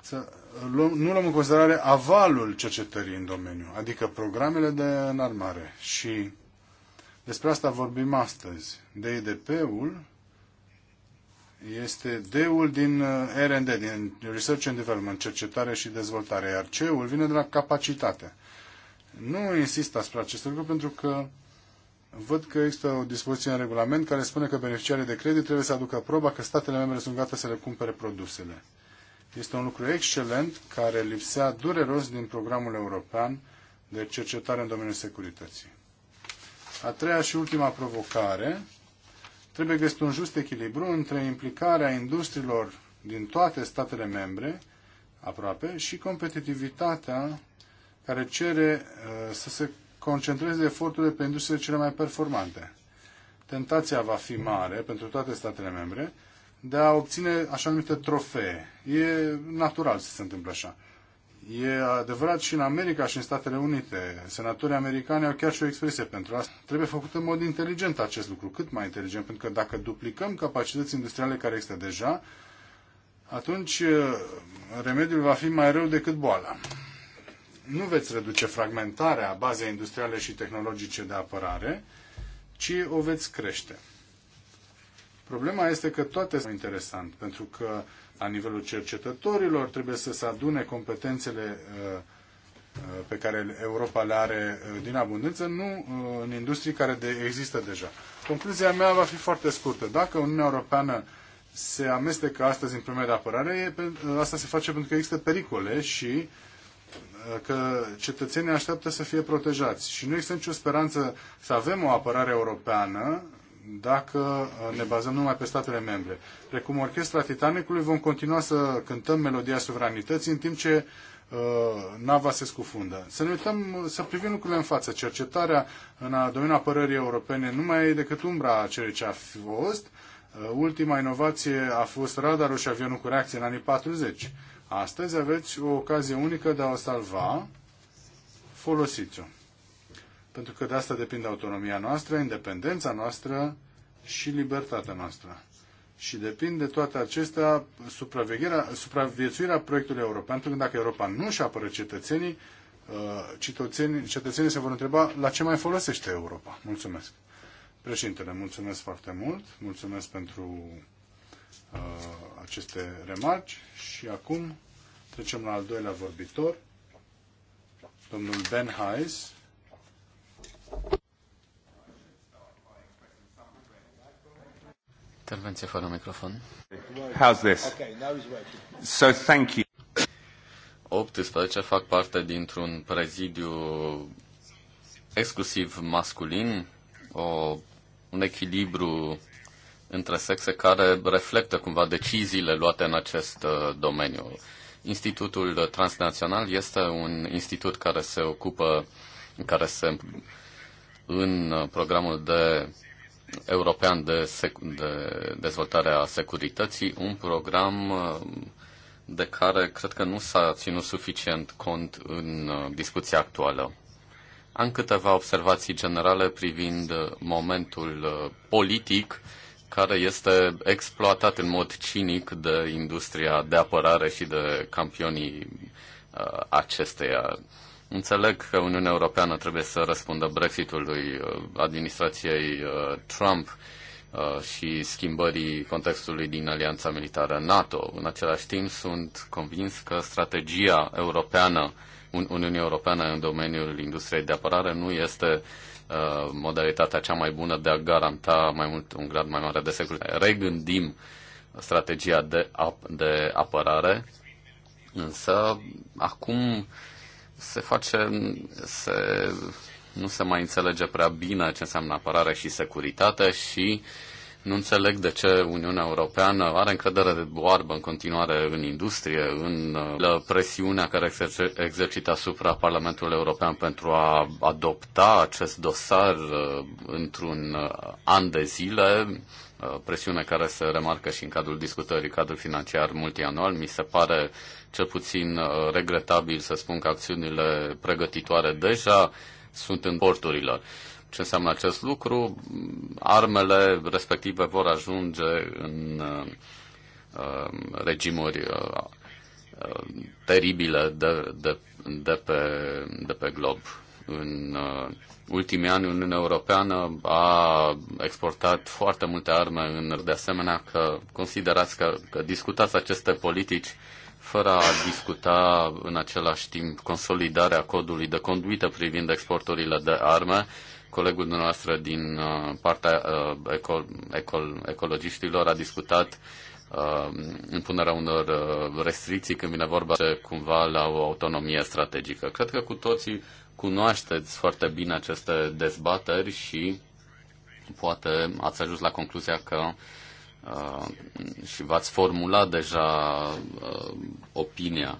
A: să luăm, nu luăm în considerare avalul cercetării în domeniu, adică programele de înarmare. Și despre asta vorbim astăzi. DIDP-ul este D-ul din uh, R&D, din Research and Development, cercetare și dezvoltare, iar C-ul vine de la capacitate. Nu insist asupra acestui lucru pentru că Văd că există o dispoziție în regulament care spune că beneficiarii de credit trebuie să aducă proba că statele membre sunt gata să le cumpere produsele. Este un lucru excelent care lipsea dureros din programul european de cercetare în domeniul securității. A treia și ultima provocare, trebuie găsit un just echilibru între implicarea industriilor din toate statele membre, aproape, și competitivitatea care cere uh, să se concentreze eforturile pe industriile cele mai performante. Tentația va fi mare pentru toate statele membre de a obține așa numite trofee. E natural să se întâmple așa. E adevărat și în America și în Statele Unite. Senatorii americani au chiar și o expresie pentru asta. Trebuie făcut în mod inteligent acest lucru, cât mai inteligent, pentru că dacă duplicăm capacități industriale care există deja, atunci eh, remediul va fi mai rău decât boala nu veți reduce fragmentarea bazei industriale și tehnologice de apărare, ci o veți crește. Problema este că toate sunt interesante, pentru că la nivelul cercetătorilor trebuie să se adune competențele uh, uh, pe care Europa le are uh, din abundență, nu în industrii care de, există deja. Concluzia mea va fi foarte scurtă. Dacă Uniunea Europeană se amestecă astăzi în primele de apărare, asta se face pentru că există pericole și uh, că cetățenii așteaptă să fie protejați și nu există nicio speranță să avem o apărare europeană dacă ne bazăm numai pe statele membre. Precum Orchestra Titanicului vom continua să cântăm melodia suveranității în timp ce uh, nava se scufundă. Să ne uităm, să privim lucrurile în față. Cercetarea în domeniul apărării europene nu mai e decât umbra a ceea ce a fost. Uh, ultima inovație a fost radarul și avionul cu reacție în anii 40 Astăzi aveți o ocazie unică de a o salva. Folosiți-o. Pentru că de asta depinde autonomia noastră, independența noastră și libertatea noastră. Și depinde toate acestea supravegherea, supraviețuirea proiectului european, pentru că dacă Europa nu și apără cetățenii, uh, cetățenii, cetățenii se vor întreba la ce mai folosește Europa. Mulțumesc. Președintele, mulțumesc foarte mult, mulțumesc pentru uh, aceste remarci și acum Trecem la al doilea vorbitor, domnul Ben Hayes.
B: Intervenție fără microfon.
A: How's this? So
B: thank you. 18 fac parte dintr-un prezidiu exclusiv masculin, o, un echilibru între sexe care reflectă cumva deciziile luate în acest uh, domeniu. Institutul Transnațional este un institut care se ocupă, care se în programul de european de, sec- de dezvoltare a securității, un program de care cred că nu s-a ținut suficient cont în uh, discuția actuală. Am câteva observații generale privind uh, momentul uh, politic care este exploatat în mod cinic de industria de apărare și de campionii uh, acesteia. Înțeleg că Uniunea Europeană trebuie să răspundă Brexitului uh, administrației uh, Trump uh, și schimbării contextului din alianța militară NATO. În același timp, sunt convins că strategia europeană, Uniunea Europeană în domeniul industriei de apărare nu este uh, Uh, modalitatea cea mai bună de a garanta mai mult un grad mai mare de securitate. Regândim strategia de, ap- de apărare, însă acum se face, se, nu se mai înțelege prea bine ce înseamnă apărare și securitate și uh, nu înțeleg de ce Uniunea Europeană are încredere de boarbă în continuare în industrie, în presiunea care exercită asupra Parlamentului European pentru a adopta acest dosar uh, într-un uh, an de zile, uh, presiune care se remarcă și în cadrul discutării cadrul financiar multianual. Mi se pare cel puțin regretabil să spun că acțiunile pregătitoare deja sunt în porturilor ce înseamnă acest lucru, armele respective vor ajunge în uh, um, regimuri uh, uh, teribile de, de, de, pe, de pe glob. În ultimii ani Uniunea Europeană a exportat foarte multe arme în de asemenea că considerați că, că discutați aceste politici fără a discuta în același timp consolidarea codului de conduită privind exporturile de arme colegul dumneavoastră din uh, partea uh, eco, eco, ecologiștilor a discutat uh, impunerea unor restricții când vine vorba de cumva la o autonomie strategică. Cred că cu toții cunoașteți foarte bine aceste dezbateri și poate ați ajuns la concluzia că uh, și v-ați formulat deja uh, opinia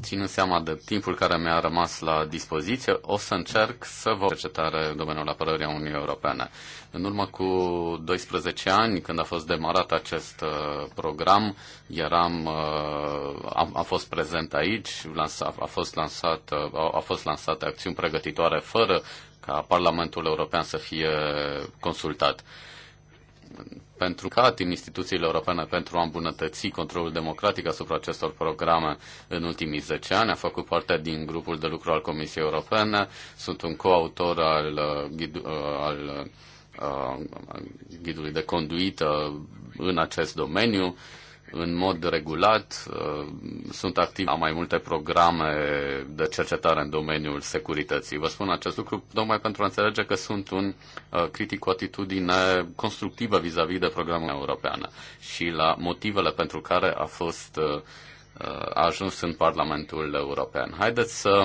B: ținând seama de timpul care mi-a rămas la dispoziție, o să încerc să vă cercetare în domeniul apărării a Uniunii Europene. În urmă cu 12 ani, când a fost demarat acest uh, program, eram, uh, am, am fost prezent aici, lansa, a, fost lansat, a, uh, a fost lansată acțiuni pregătitoare fără ca Parlamentul European să fie consultat pentru ca din instituțiile europene pentru a îmbunătăți controlul democratic asupra acestor programe în ultimii 10 ani. A făcut parte din grupul de lucru al Comisiei Europene. Sunt un coautor al, uh, uh, uh, al, ghidului de conduită în acest domeniu în mod regulat. Uh, sunt activ la mai multe programe de cercetare în domeniul securității. Vă spun acest lucru tocmai pentru a înțelege că sunt un uh, critic cu atitudine constructivă vis-a-vis -vis de programul europeană și la motivele pentru care a fost uh, a ajuns în Parlamentul European. Haideți să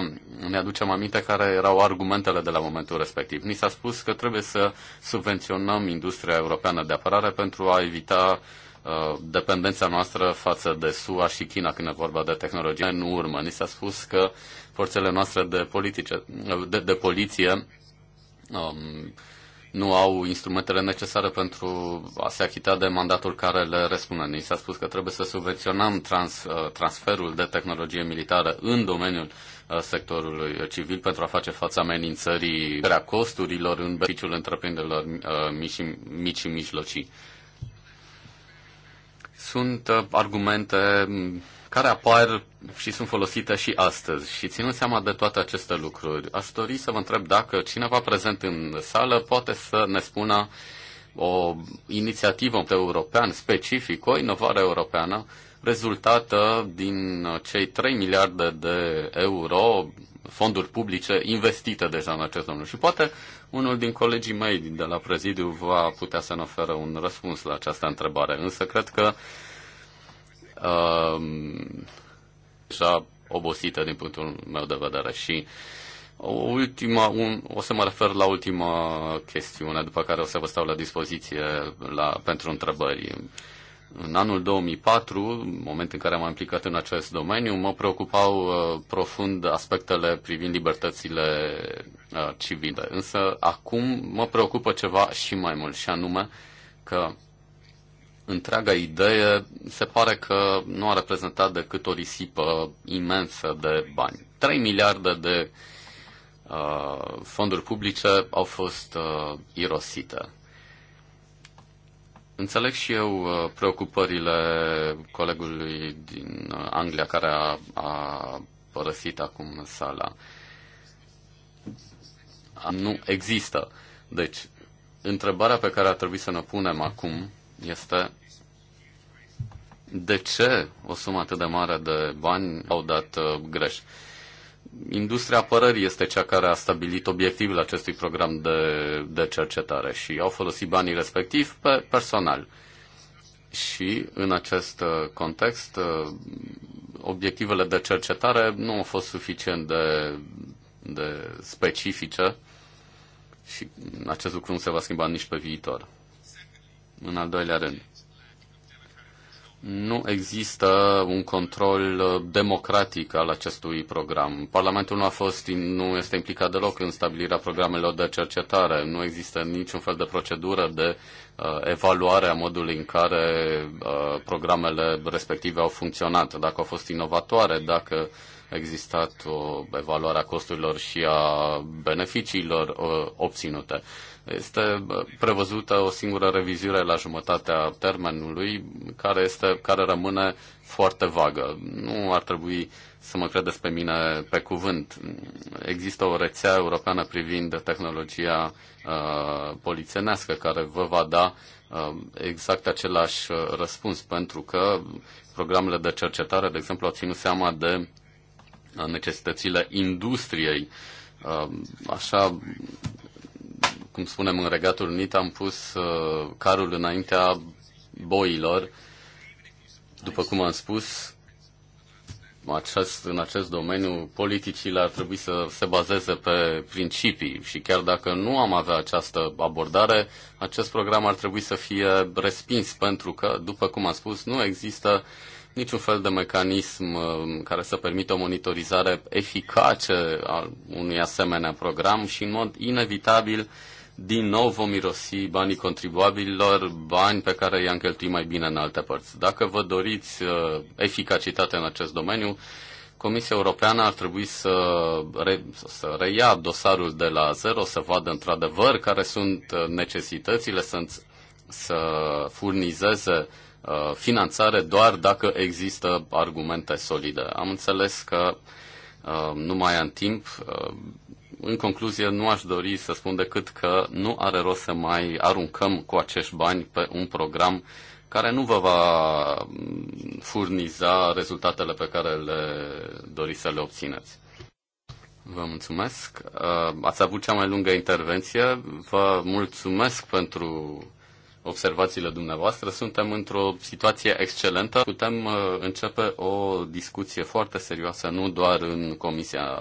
B: ne aducem aminte care erau argumentele de la momentul respectiv. Ni s-a spus că trebuie să subvenționăm industria europeană de apărare pentru a evita uh, Uh, dependența noastră față de SUA și China când e vorba de tehnologie în urmă. Ni s-a spus că forțele noastre de, politice, uh, de, de poliție um, nu au instrumentele necesare pentru a se achita de mandatul care le răspunde. Ni s-a spus că trebuie să subvenționăm trans, uh, transferul de tehnologie militară în domeniul sectorului civil pentru a face față amenințării costurilor în beneficiul întreprinderilor mici și mijlocii sunt uh, argumente care apar și sunt folosite și astăzi. Și ținând seama de toate aceste lucruri, aș dori să vă întreb dacă cineva prezent în sală poate să ne spună o inițiativă european specific, o inovare europeană, rezultată din cei 3 miliarde de euro fonduri publice investite deja în acest domeniu. Și poate unul din colegii mei de la prezidiu va putea să ne oferă un răspuns la această întrebare. Însă cred că uh, deja obosită din punctul meu de vedere și ultima, un, o să mă refer la ultima chestiune, după care o să vă stau la dispoziție la, pentru întrebări. În anul 2004, moment în care m-am implicat în acest domeniu, mă preocupau uh, profund aspectele privind libertățile uh, civile. Însă acum mă preocupă ceva și mai mult, și anume că întreaga idee se pare că nu a reprezentat decât o risipă imensă de bani. 3 miliarde de uh, fonduri publice au fost uh, irosite. Înțeleg și eu uh, preocupările colegului din uh, Anglia care a, a părăsit acum sala. Nu există. Deci, întrebarea pe care ar trebui să ne punem acum este de ce o sumă atât de mare de bani au dat uh, greș? industria apărării este cea care a stabilit obiectivul acestui program de, de cercetare și au folosit banii respectiv pe personal. Și în acest uh, context, uh, obiectivele de cercetare nu au fost suficient de, de specifice și acest lucru nu se va schimba nici pe viitor. În al doilea rând, nu există un control uh, democratic al acestui program. Parlamentul nu a fost, nu este implicat deloc în stabilirea programelor de cercetare. Nu există niciun fel de procedură de uh, evaluare a modului în care uh, programele respective au funcționat, dacă au fost inovatoare, dacă a existat o evaluare a costurilor și a beneficiilor uh, obținute. Uh, este prevăzută o singură revizuire la jumătatea termenului, care, este, care rămâne foarte vagă. Nu ar trebui să mă credeți pe mine pe cuvânt. Există o rețea europeană privind tehnologia uh, polițenească care vă va da uh, exact același uh, răspuns, pentru că programele de cercetare, de exemplu, au ținut seama de uh, necesitățile industriei. Uh, așa cum spunem în Regatul Unit, am pus uh, carul înaintea boilor. După cum am spus, acest, în acest domeniu politicile ar trebui să se bazeze pe principii și chiar dacă nu am avea această abordare, acest program ar trebui să fie respins pentru că, după cum am spus, nu există niciun fel de mecanism um, care să permită o monitorizare eficace a unui asemenea program și în mod inevitabil din nou vom mirosi banii contribuabililor, bani pe care i-am cheltuit mai bine în alte părți. Dacă vă doriți uh, eficacitate în acest domeniu, Comisia Europeană ar trebui să, re, să reia dosarul de la zero, să vadă într-adevăr care sunt uh, necesitățile, să, să furnizeze uh, finanțare doar dacă există argumente solide. Am înțeles că nu mai am timp în concluzie, nu aș dori să spun decât că nu are rost să mai aruncăm cu acești bani pe un program care nu vă va furniza rezultatele pe care le doriți să le obțineți. Vă mulțumesc. Uh, ați avut cea mai lungă intervenție. Vă mulțumesc pentru observațiile dumneavoastră. Suntem într-o situație excelentă. Putem uh, începe o discuție foarte serioasă, nu doar în Comisia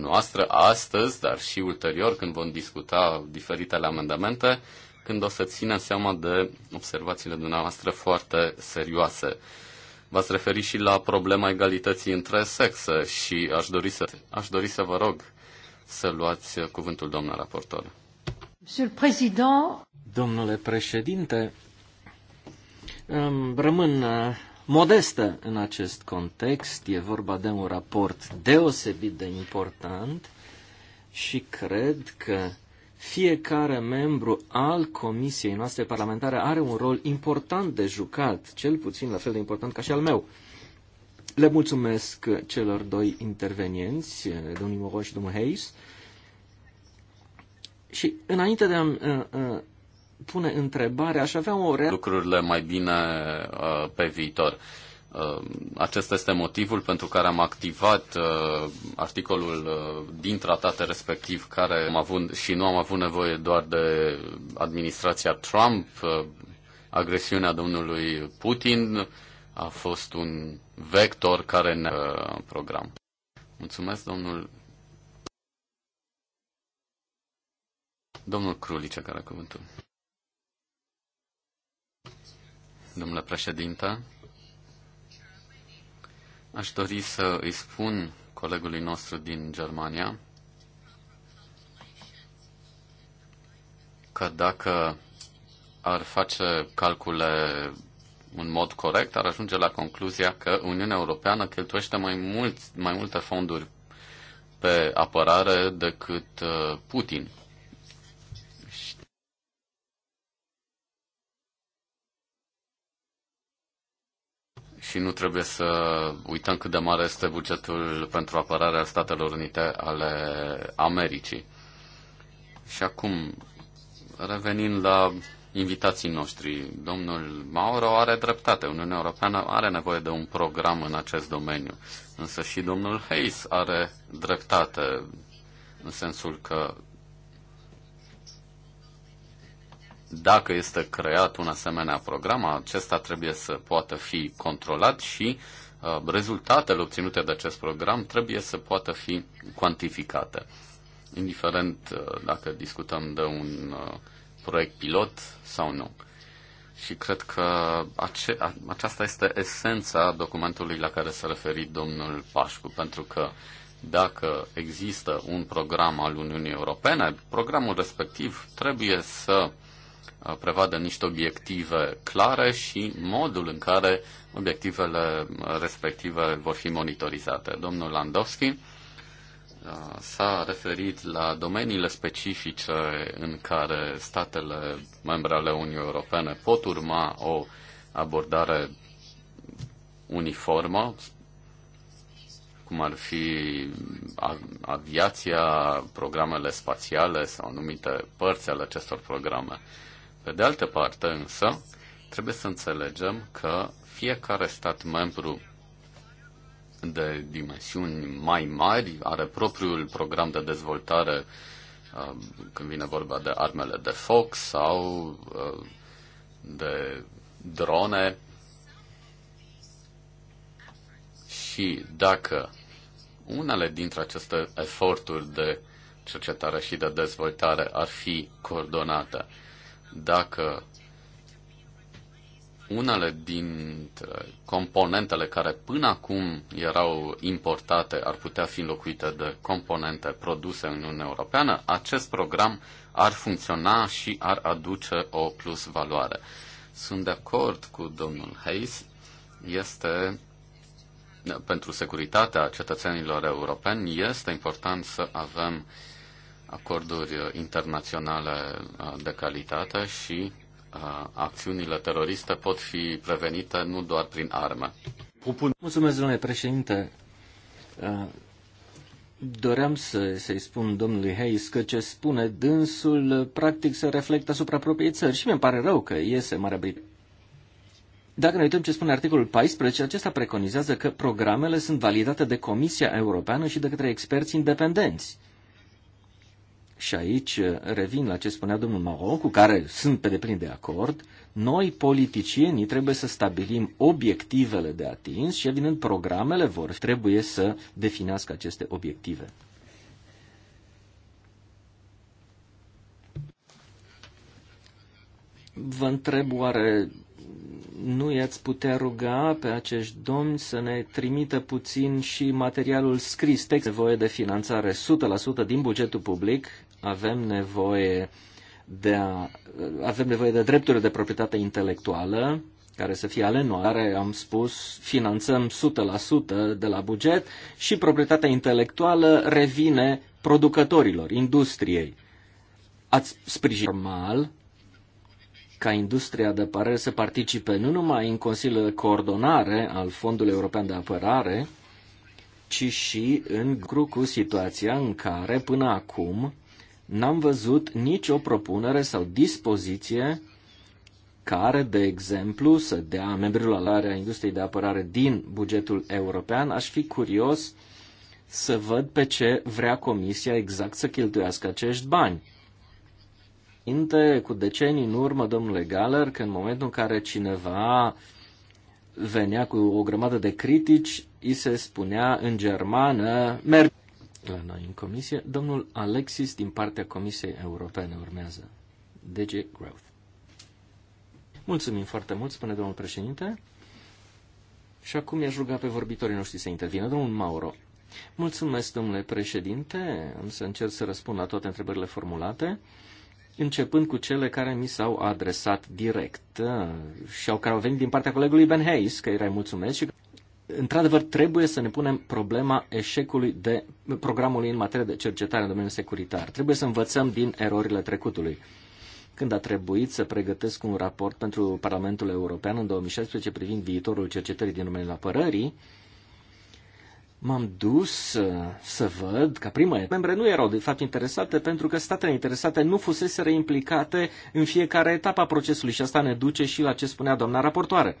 B: noastră astăzi, dar și ulterior când vom discuta diferitele amendamente, când o să ținem seama de observațiile dumneavoastră foarte serioase. V-ați referit și la problema egalității între sexe și aș dori să, aș dori să vă rog să luați cuvântul, domnului raportor.
C: Domnule președinte, rămân modestă în acest context. E vorba de un raport deosebit de important și cred că fiecare membru al comisiei noastre parlamentare are un rol important de jucat, cel puțin la fel de important ca și al meu. Le mulțumesc celor doi intervenienți, domnul Moroș și domnul Hayes. Și înainte de a
B: pune întrebare, aș avea o rea... lucrurile mai bine uh, pe viitor. Uh, acesta este motivul pentru care am activat uh, articolul uh, din tratate respectiv care am avut și nu am avut nevoie doar de administrația Trump, uh, agresiunea domnului Putin a fost un vector care ne uh, program. Mulțumesc, domnul Domnul Crulice, care cuvântul domnule președinte. Aș dori să îi spun colegului nostru din Germania că dacă ar face calcule în mod corect, ar ajunge la concluzia că Uniunea Europeană cheltuiește mai, mult, mai multe fonduri pe apărare decât uh, Putin. și nu trebuie să uităm cât de mare este bugetul pentru apărarea Statelor Unite ale Americii. Și acum, revenind la invitații noștri, domnul Mauro are dreptate. Uniunea Europeană are nevoie de un program în acest domeniu. Însă și domnul Hayes are dreptate în sensul că dacă este creat un asemenea program, acesta trebuie să poată fi controlat și uh, rezultatele obținute de acest program trebuie să poată fi cuantificate. Indiferent uh, dacă discutăm de un uh, proiect pilot sau nu. Și cred că ace- a, aceasta este esența documentului la care s-a referit domnul Pașcu, pentru că dacă există un program al Uniunii Europene, programul respectiv trebuie să prevadă niște obiective clare și modul în care obiectivele respective vor fi monitorizate. Domnul Landowski uh, s-a referit la domeniile specifice în care statele membre ale Uniunii Europene pot urma o abordare uniformă, cum ar fi aviația, programele spațiale sau anumite părți ale acestor programe. Pe de altă parte, însă, trebuie să înțelegem că fiecare stat membru de dimensiuni mai mari are propriul program de dezvoltare uh, când vine vorba de armele de foc sau uh, de drone. Și dacă unele dintre aceste eforturi de cercetare și de dezvoltare ar fi coordonate, dacă unele dintre componentele care până acum erau importate ar putea fi înlocuite de componente produse în Uniunea Europeană, acest program ar funcționa și ar aduce o plus valoare. Sunt de acord cu domnul Hayes, este pentru securitatea cetățenilor europeni este important să avem uh, acorduri uh, internaționale uh, de calitate și uh, acțiunile teroriste pot fi prevenite nu doar prin arme.
C: Mulțumesc, domnule președinte. Doream să, să-i spun domnului Hayes că ce spune dânsul practic se reflectă asupra propriei țări și mi-e pare rău că iese Marea Britanie. Dacă ne uităm ce spune articolul 14, acesta preconizează că programele sunt validate de Comisia Europeană și de către experți independenți și aici uh, revin la ce spunea domnul Maro, cu care sunt pe deplin de acord, noi politicienii trebuie să stabilim obiectivele de atins și evident programele vor trebuie să definească aceste obiective. Vă întreb oare nu i-ați putea ruga pe acești domni să ne trimită puțin și materialul scris, text, voie de finanțare 100% din bugetul public, avem nevoie de a, avem nevoie de drepturi de proprietate intelectuală care să fie ale noastre, am spus, finanțăm 100% de la buget și proprietatea intelectuală revine producătorilor, industriei. Ați sprijinit normal ca industria de apărare să participe nu numai în Consiliul de Coordonare al Fondului European de Apărare, ci și în grucu cu situația în care până acum n-am văzut nicio propunere sau dispoziție care, de exemplu, să dea membrilor la area industriei de apărare din bugetul european. Aș fi curios să văd pe ce vrea Comisia exact să cheltuiască acești bani. Inte cu decenii în urmă, domnule Galler, că în momentul în care cineva venea cu o grămadă de critici, îi se spunea în germană, merg la noi în comisie. Domnul Alexis din partea Comisiei Europene urmează. DG Growth. Mulțumim foarte mult, spune domnul președinte. Și acum i-aș ruga pe vorbitorii noștri să intervină. Domnul Mauro. Mulțumesc, domnule președinte. Am să încerc să răspund la toate întrebările formulate, începând cu cele care mi s-au adresat direct uh, și au care au venit din partea colegului Ben Hayes, că îi mulțumesc și într-adevăr, trebuie să ne punem problema eșecului de programului în materie de cercetare în domeniul securitar. Trebuie să învățăm din erorile trecutului. Când a trebuit să pregătesc un raport pentru Parlamentul European în 2016 privind viitorul cercetării din domeniul apărării, m-am dus uh, să văd că prima membre nu erau de fapt interesate pentru că statele interesate nu fuseseră implicate în fiecare etapă a procesului și asta ne duce și la ce spunea doamna raportoare.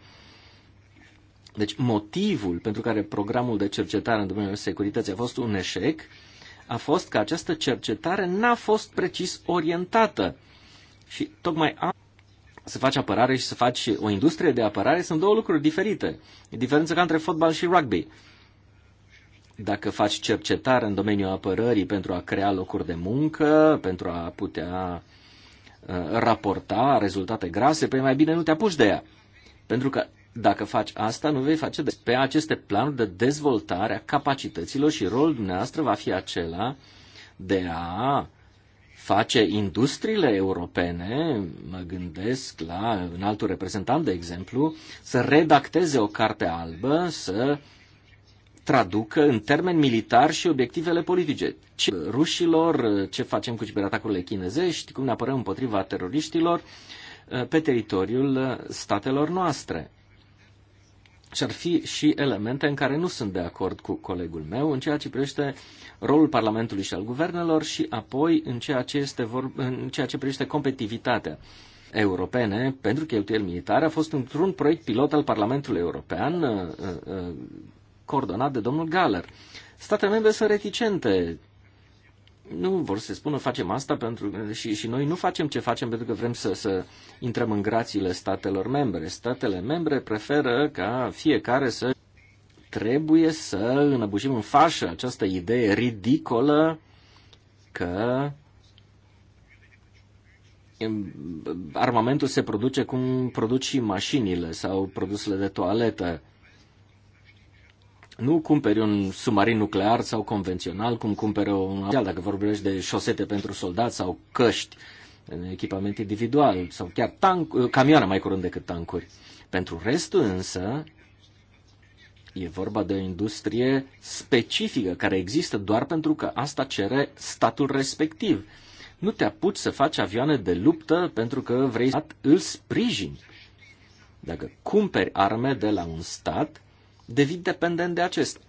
C: Deci motivul pentru care programul de cercetare în domeniul securității a fost un eșec a fost că această cercetare n-a fost precis orientată. Și tocmai a... să faci apărare și să faci o industrie de apărare sunt două lucruri diferite. E diferența ca între fotbal și rugby. Dacă faci cercetare în domeniul apărării pentru a crea locuri de muncă, pentru a putea uh, raporta rezultate grase, pe păi mai bine nu te apuci de ea. Pentru că dacă faci asta, nu vei face des. Pe aceste planuri de dezvoltare a capacităților și rolul dumneavoastră va fi acela de a face industriile europene, mă gândesc la un altul reprezentant, de exemplu, să redacteze o carte albă, să traducă în termeni militar și obiectivele politice. Ce rușilor, ce facem cu ciberatacurile chinezești, cum ne apărăm împotriva teroriștilor eh, pe teritoriul eh, statelor noastre și ar fi și elemente în care nu sunt de acord cu colegul meu în ceea ce privește rolul Parlamentului și al guvernelor și apoi în ceea ce, este vor, în ceea ce privește competitivitatea europene pentru cheltuieli militare a fost într-un proiect pilot al Parlamentului European uh, uh, uh, coordonat de domnul Galler. Statele membre sunt reticente nu vor să spună facem asta pentru și, și noi nu facem ce facem pentru că vrem să, să intrăm în grațiile statelor membre. Statele membre preferă ca fiecare să trebuie să înăbușim în fașă această idee ridicolă că armamentul se produce cum produc și mașinile sau produsele de toaletă. Nu cumperi un submarin nuclear sau convențional, cum cumperi un dacă vorbești de șosete pentru soldați sau căști, echipament individual sau chiar tank, camioane mai curând decât tancuri. Pentru restul însă, e vorba de o industrie specifică care există doar pentru că asta cere statul respectiv. Nu te apuci să faci avioane de luptă pentru că vrei să îl sprijini. Dacă cumperi arme de la un stat, devii dependent de acest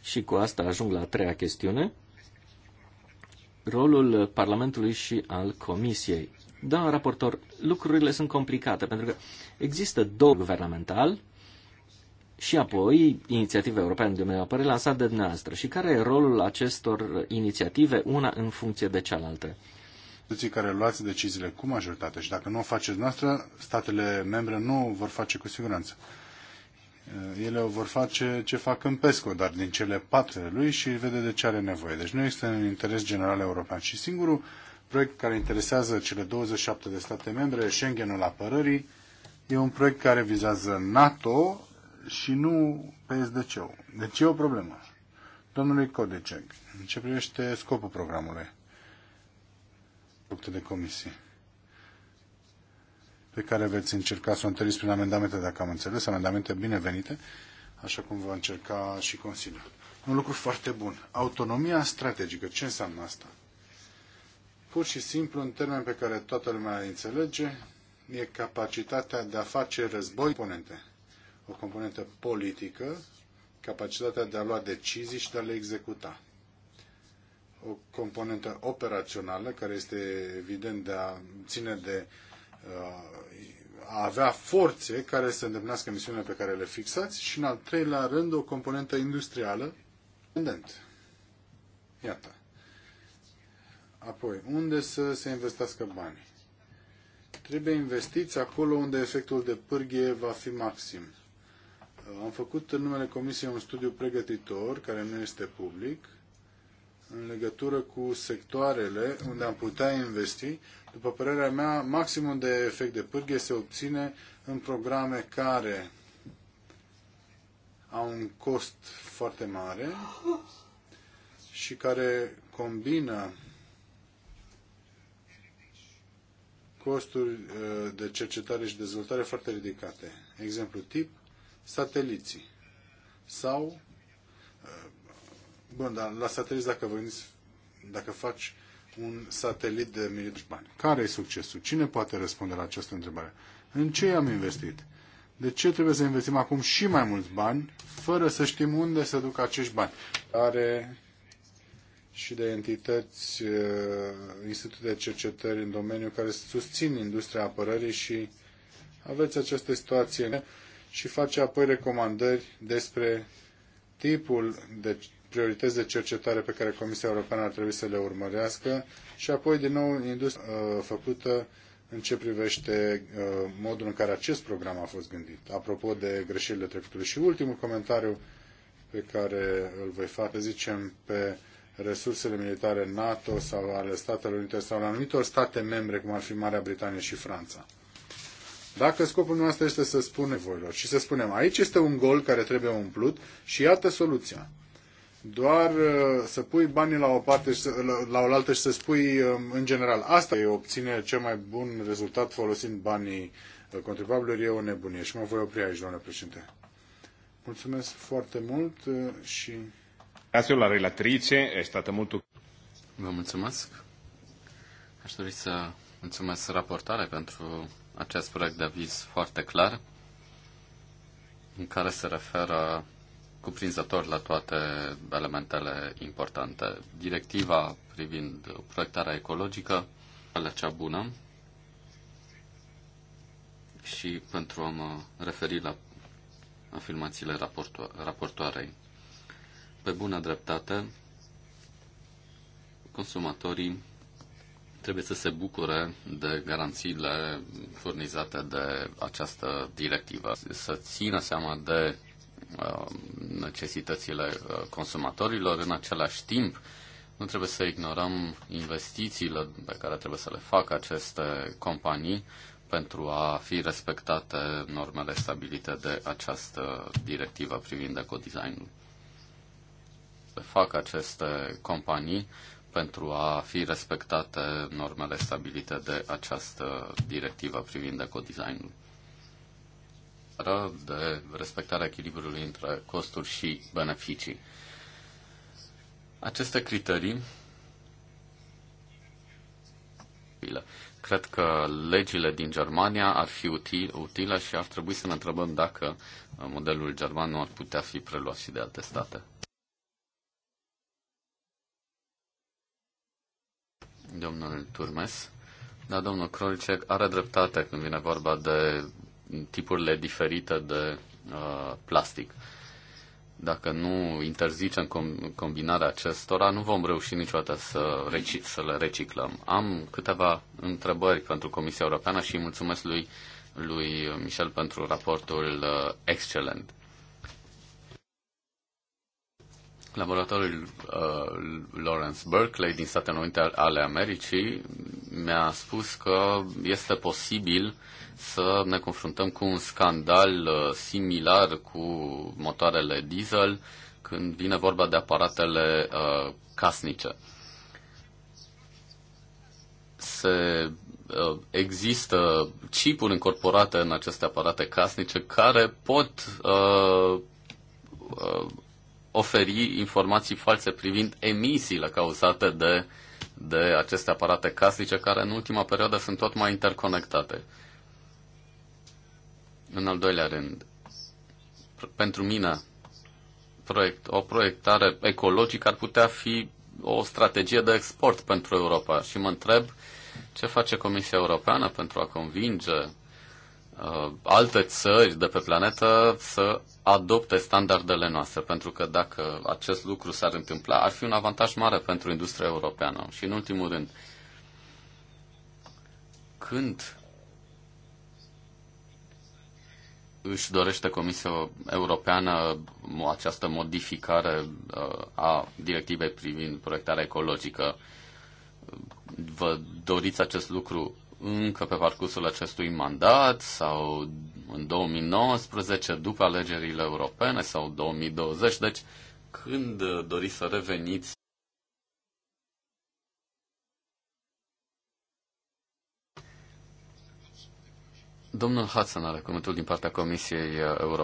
C: Și cu asta ajung la a treia chestiune, rolul Parlamentului și al Comisiei. Doamna raportor, lucrurile sunt complicate pentru că există două guvernamental și apoi inițiative europene de mediu apărării lansate de dumneavoastră. Și care e rolul acestor inițiative, una în funcție
A: de cealaltă? instituții care luați deciziile cu majoritate și dacă nu o faceți noastră, statele membre nu o vor face cu siguranță. Eh, ele o vor face ce fac în PESCO, dar din cele patru lui și vede de ce are nevoie. Deci nu este un interes general european. Și singurul proiect care interesează cele 27 de state membre, Schengenul apărării, e un proiect care vizează NATO și nu PSDC-ul. Deci e o problemă. Domnului Codeceg, în ce privește scopul programului? făcute de comisie pe care veți încerca să o întăriți prin amendamente, dacă am înțeles, amendamente binevenite, așa cum va încerca și Consiliul. Un lucru foarte bun. Autonomia strategică. Ce înseamnă asta? Pur și simplu, în termen pe care toată lumea îl înțelege, e capacitatea de a face război componente. O componentă politică, capacitatea de a lua decizii și de a le executa o componentă operațională, care este evident de a ține de uh, a avea forțe care să îndeplinească misiunile pe care le fixați și, în al treilea rând, o componentă industrială independent. Iată. Apoi, unde să se investească banii? Trebuie investiți acolo unde efectul de pârghie va fi maxim. Am făcut în numele Comisiei un studiu pregătitor, care nu este public, în legătură cu sectoarele unde am putea investi. După părerea mea, maximum de efect de pârghie se obține în programe care au un cost foarte mare și care combină costuri uh, de cercetare și dezvoltare foarte ridicate. Exemplu tip, sateliții sau uh, Bun, dar la satelit dacă veniți, dacă faci un satelit de mii de bani, care e succesul? Cine poate răspunde la această întrebare? În ce am investit? De ce trebuie să investim acum și mai mulți bani, fără să știm unde se duc acești bani? Are și de entități, uh, institute de cercetări în domeniu care susțin industria apărării și aveți această situație și face apoi recomandări despre tipul de priorități de cercetare pe care Comisia Europeană ar trebui să le urmărească și apoi, din nou, industria uh, făcută în ce privește uh, modul în care acest program a fost gândit. Apropo de greșelile trecutului și ultimul comentariu pe care îl voi face, zicem, pe resursele militare NATO sau ale Statelor Unite sau ale anumitor state membre, cum ar fi Marea Britanie și Franța. Dacă scopul nostru este să spunem voilor și să spunem aici este un gol care trebuie umplut și iată soluția doar uh, să pui banii la o parte și să, la, la altă și să spui um, în general asta e obține cel mai bun rezultat folosind banii uh, contribuabililor e o nebunie și mă voi opri aici, doamnă președinte. Mulțumesc foarte mult uh, și...
B: Grazie la relatrice, e stată mult... Vă mulțumesc. Aș dori să mulțumesc raportare pentru acest proiect de aviz foarte clar în care se referă cuprinzător la toate elementele importante. Directiva privind proiectarea ecologică, la cea bună, și pentru a mă referi la afirmațiile raporto- raportoarei. Pe bună dreptate, consumatorii trebuie să se bucure de garanțiile furnizate de această directivă, să țină seama de Uh, necesitățile uh, consumatorilor. În același timp, nu trebuie să ignorăm investițiile pe care trebuie să le facă aceste companii pentru a fi respectate normele stabilite de această directivă privind ecodesignul. Se fac aceste companii pentru a fi respectate normele stabilite de această directivă privind ecodesignul noastră de respectarea echilibrului între costuri și beneficii. Aceste criterii Cred că legile din Germania ar fi util, utile și ar trebui să ne întrebăm dacă modelul german nu ar putea fi preluat și de alte state. Domnul Turmes. Da, domnul Krolicek are dreptate când vine vorba de tipurile diferite de uh, plastic. Dacă nu interzicem com- combinarea acestora, nu vom reuși niciodată să, reci- să le reciclăm. Am câteva întrebări pentru Comisia Europeană și mulțumesc lui, lui Michel pentru raportul uh, excelent. Laboratorul uh, Lawrence Berkeley din Statele Unite ale Americii mi-a spus că este posibil uh, să ne confruntăm cu un scandal uh, similar cu motoarele diesel când vine vorba de aparatele uh, casnice. Se, uh, există chipuri incorporate în aceste aparate casnice care pot uh, uh, oferi informații false privind emisiile cauzate de, de aceste aparate casnice, care în ultima perioadă sunt tot mai interconectate. În al doilea rând, pentru mine, proiect, o proiectare ecologică ar putea fi o strategie de export pentru Europa și mă întreb ce face Comisia Europeană pentru a convinge uh, alte țări de pe planetă să adopte standardele noastre, pentru că dacă acest lucru s-ar întâmpla, ar fi un avantaj mare pentru industria europeană. Și în ultimul rând, când își dorește Comisia Europeană această modificare uh, a directivei privind proiectarea ecologică? Vă doriți acest lucru încă pe parcursul acestui mandat sau în 2019, după alegerile europene sau 2020? Deci, când uh, doriți să reveniți Domnul Hudson are cuvântul din partea Comisiei uh, Europene.